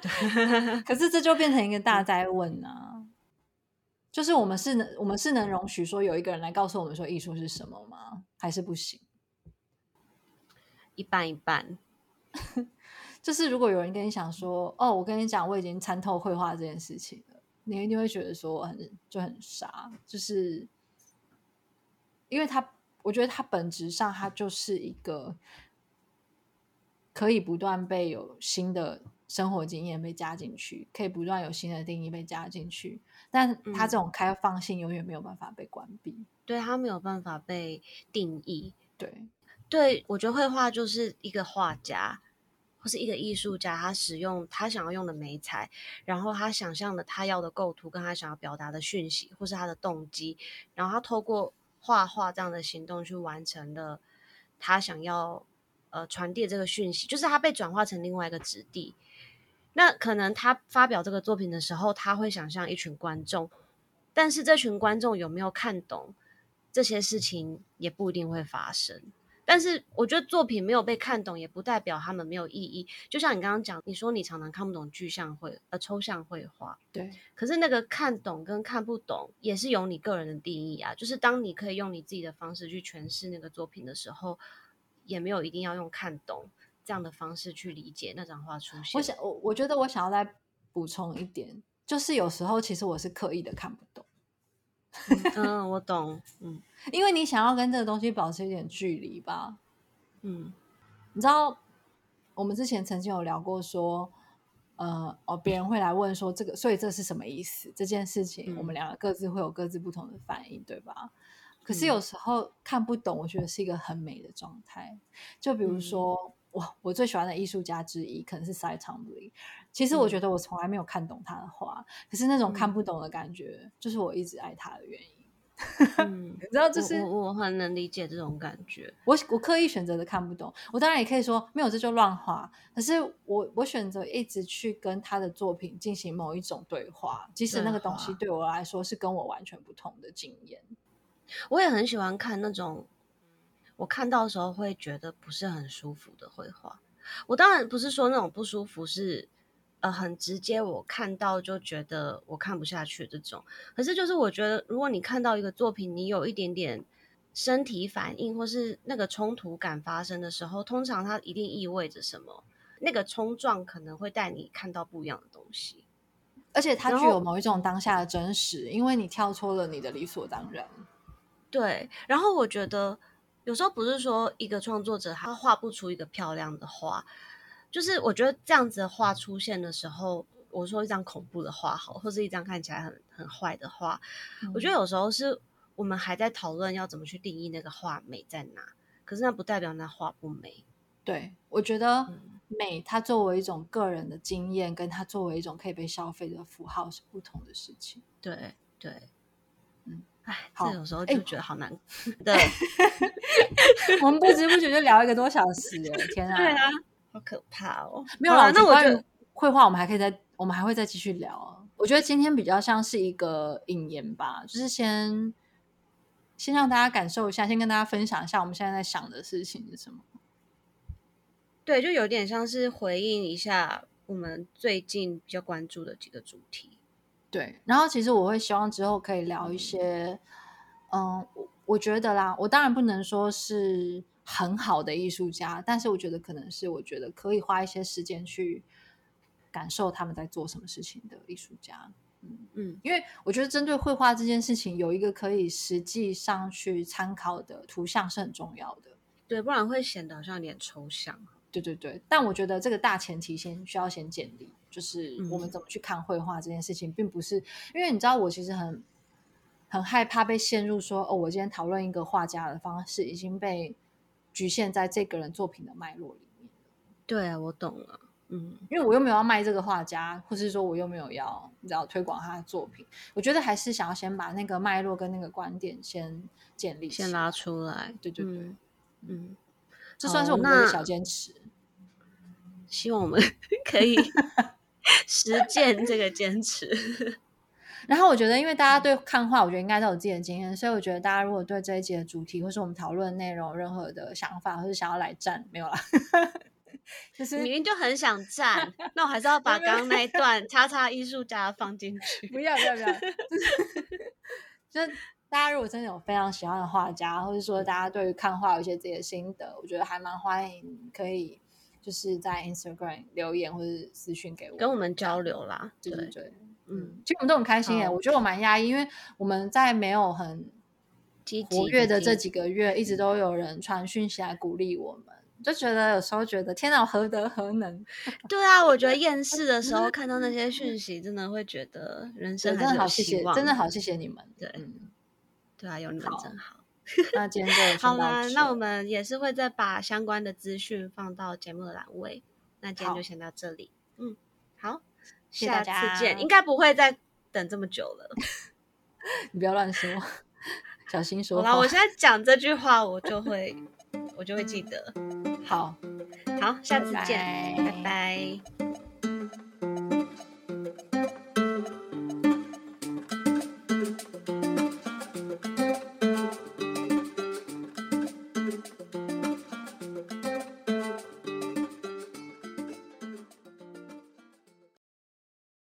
對 可是這就變成一個大哉問啊。就是我們是能，我們是能容許說有一個人來告訴我們說藝術是什麼嗎？還是不行？一半一半。 就是如果有人跟你講說，哦，我跟你講，我已經參透繪畫這件事情了，你一定會覺得說我很，就很傻。就是因為他，我覺得他本質上他就是一個可以不斷被有新的生活經驗被加進去，可以不斷有新的定義被加進去。但他這種開放性永遠沒有辦法被關閉、嗯，對他沒有辦法被定義。對，對我覺得繪畫就是一個畫家或是一個藝術家，他使用他想要用的媒材，然後他想象的他要的構圖跟他想要表達的訊息，或是他的動機，然後他透過畫畫這樣的行動去完成了他想要呃傳遞這個訊息，就是他被轉化成另外一個質地。那可能他發表這個作品的時候，他會想象一群觀眾，但是這群觀眾有沒有看懂這些事情，也不一定會發生。但是我覺得作品沒有被看懂，也不代表他們沒有意義。就像你剛剛講，你說你常常看不懂具象繪呃、啊、抽象繪畫，對。可是那個看懂跟看不懂，也是有你個人的定義啊。就是當你可以用你自己的方式去詮釋那個作品的時候，也沒有一定要用看懂。這樣的方式去理解那張畫出現，我想我我覺得我想要再補充一點，就是有時候其實我是刻意的看不懂 嗯。嗯，我懂。嗯，因為你想要跟這個東西保持一點距離吧。嗯，你知道我們之前曾經有聊過說，呃，哦，別人會來問說這個，所以這是什麼意思？這件事情我們兩個各自會有各自不同的反應，嗯、對吧？可是有時候看不懂，我覺得是一個很美的狀態。就比如說。嗯哇，我最喜歡的藝術家之一可能是 Cy Twombly，其實我覺得我從來沒有看懂他的畫。嗯、可是那種看不懂的感覺，嗯，就是我一直愛他的原因。然 後、嗯、就是我我，我很能理解這種感覺。我我刻意選擇的看不懂，我當然也可以說，沒有這就亂畫。可是我我選擇一直去跟他的作品進行某一種對話，即使那個東西對我來說是跟我完全不同的經驗。我也很喜歡看那種。我看到的時候會覺得不是很舒服的繪畫。我當然不是說那種不舒服是呃很直接，我看到就覺得我看不下去這種。可是就是我覺得，如果你看到一個作品，你有一點點身體反應或是那個衝突感發生的時候，通常它一定意味着什麼。那個衝撞可能會帶你看到不一樣的東西，而且它具有某一種當下的真實，因為你跳出了你的理所當然。對，然後我覺得。有時候不是說一個創作者他畫不出一個漂亮的畫，就是我覺得這樣子的畫出現的時候，我說一張恐怖的畫好，或是一張看起來很很壞的畫、嗯，我覺得有時候是我們還在討論要怎麼去定義那個畫美在哪，可是那不代表那畫不美。對，我覺得美它作為一種個人的經驗，跟它作為一種可以被消費的符號是不同的事情。對對。這種時候就覺得好難。欸、對， 我們不知不覺就聊一個多小時，天啊！對啊，好可怕哦。沒有老師、哦，關於繪畫，我們還可以再，我們還會再繼續聊、啊。我覺得今天比較像是一個引言吧，就是先先讓大家感受一下，先跟大家分享一下我們現在在想的事情是什麼。對，就有點像是回應一下我們最近比較關注的幾個主題。對，然後其實我會希望之後可以聊一些，嗯，我、嗯、我覺得啦，我當然不能說是很好的藝術家，但是我覺得可能是我覺得可以花一些時間去感受他們在做什麼事情的藝術家，嗯，嗯，因為我覺得針對繪畫這件事情，有一個可以實際上去參考的圖像是很重要的，對，不然會顯得好像有點抽象。對對對，但我覺得這個大前提先需要先建立，就是我們怎麼去看繪畫這件事情，嗯，並不是因為你知道我其實很很害怕被陷入說哦，我今天討論一個畫家的方式已經被局限在這個人作品的脈絡裡面了。對啊，我懂了，嗯，因為我又沒有要賣這個畫家，或是說我又沒有要你知道推廣他的作品，我覺得還是想要先把那個脈絡跟那個觀點先建立起來，先拉出來，對對對，嗯，嗯嗯，這算是我們的小堅持。希望我們可以實踐這個堅持。 然後我覺得，因為大家對看畫，我覺得應該都有自己的經驗，所以我覺得大家如果對這一集的主題，或是我們討論內容有任何的想法，或者想要來站，沒有啦， 就是明明就很想站。 那我還是要把剛剛那一段“叉叉藝術家”放進去。不要不要不要， 就是大家如果真的有非常喜歡的畫家，或者說大家對於看畫有一些自己的心得，我覺得還蠻歡迎可以就是在 Instagram 留言，或者私訊給我，跟我們交流啦。對對對，嗯，其實我們都很開心耶。我覺得我蠻訝異，因為我們在沒有很活躍的這幾個月，激激一直都有人傳訊息來鼓勵我們、嗯嗯，就覺得有時候覺得天哪，何德何能？對啊，我覺得厭世的時候看到那些訊息，真的會覺得人生的真的好，謝謝，真的好謝謝你們。對，對啊，有你們真好。好 那今天就先到此了 好了，那我們也是會再把相關的資訊放到節目欄位。那今天就先到這裡，嗯，好謝謝大家，下次見，應該不會再等這麼久了。 你不要亂說， 小心說。好了，我現在講這句話，我就會， 我就會記得。好，好，下次見，拜拜。Bye bye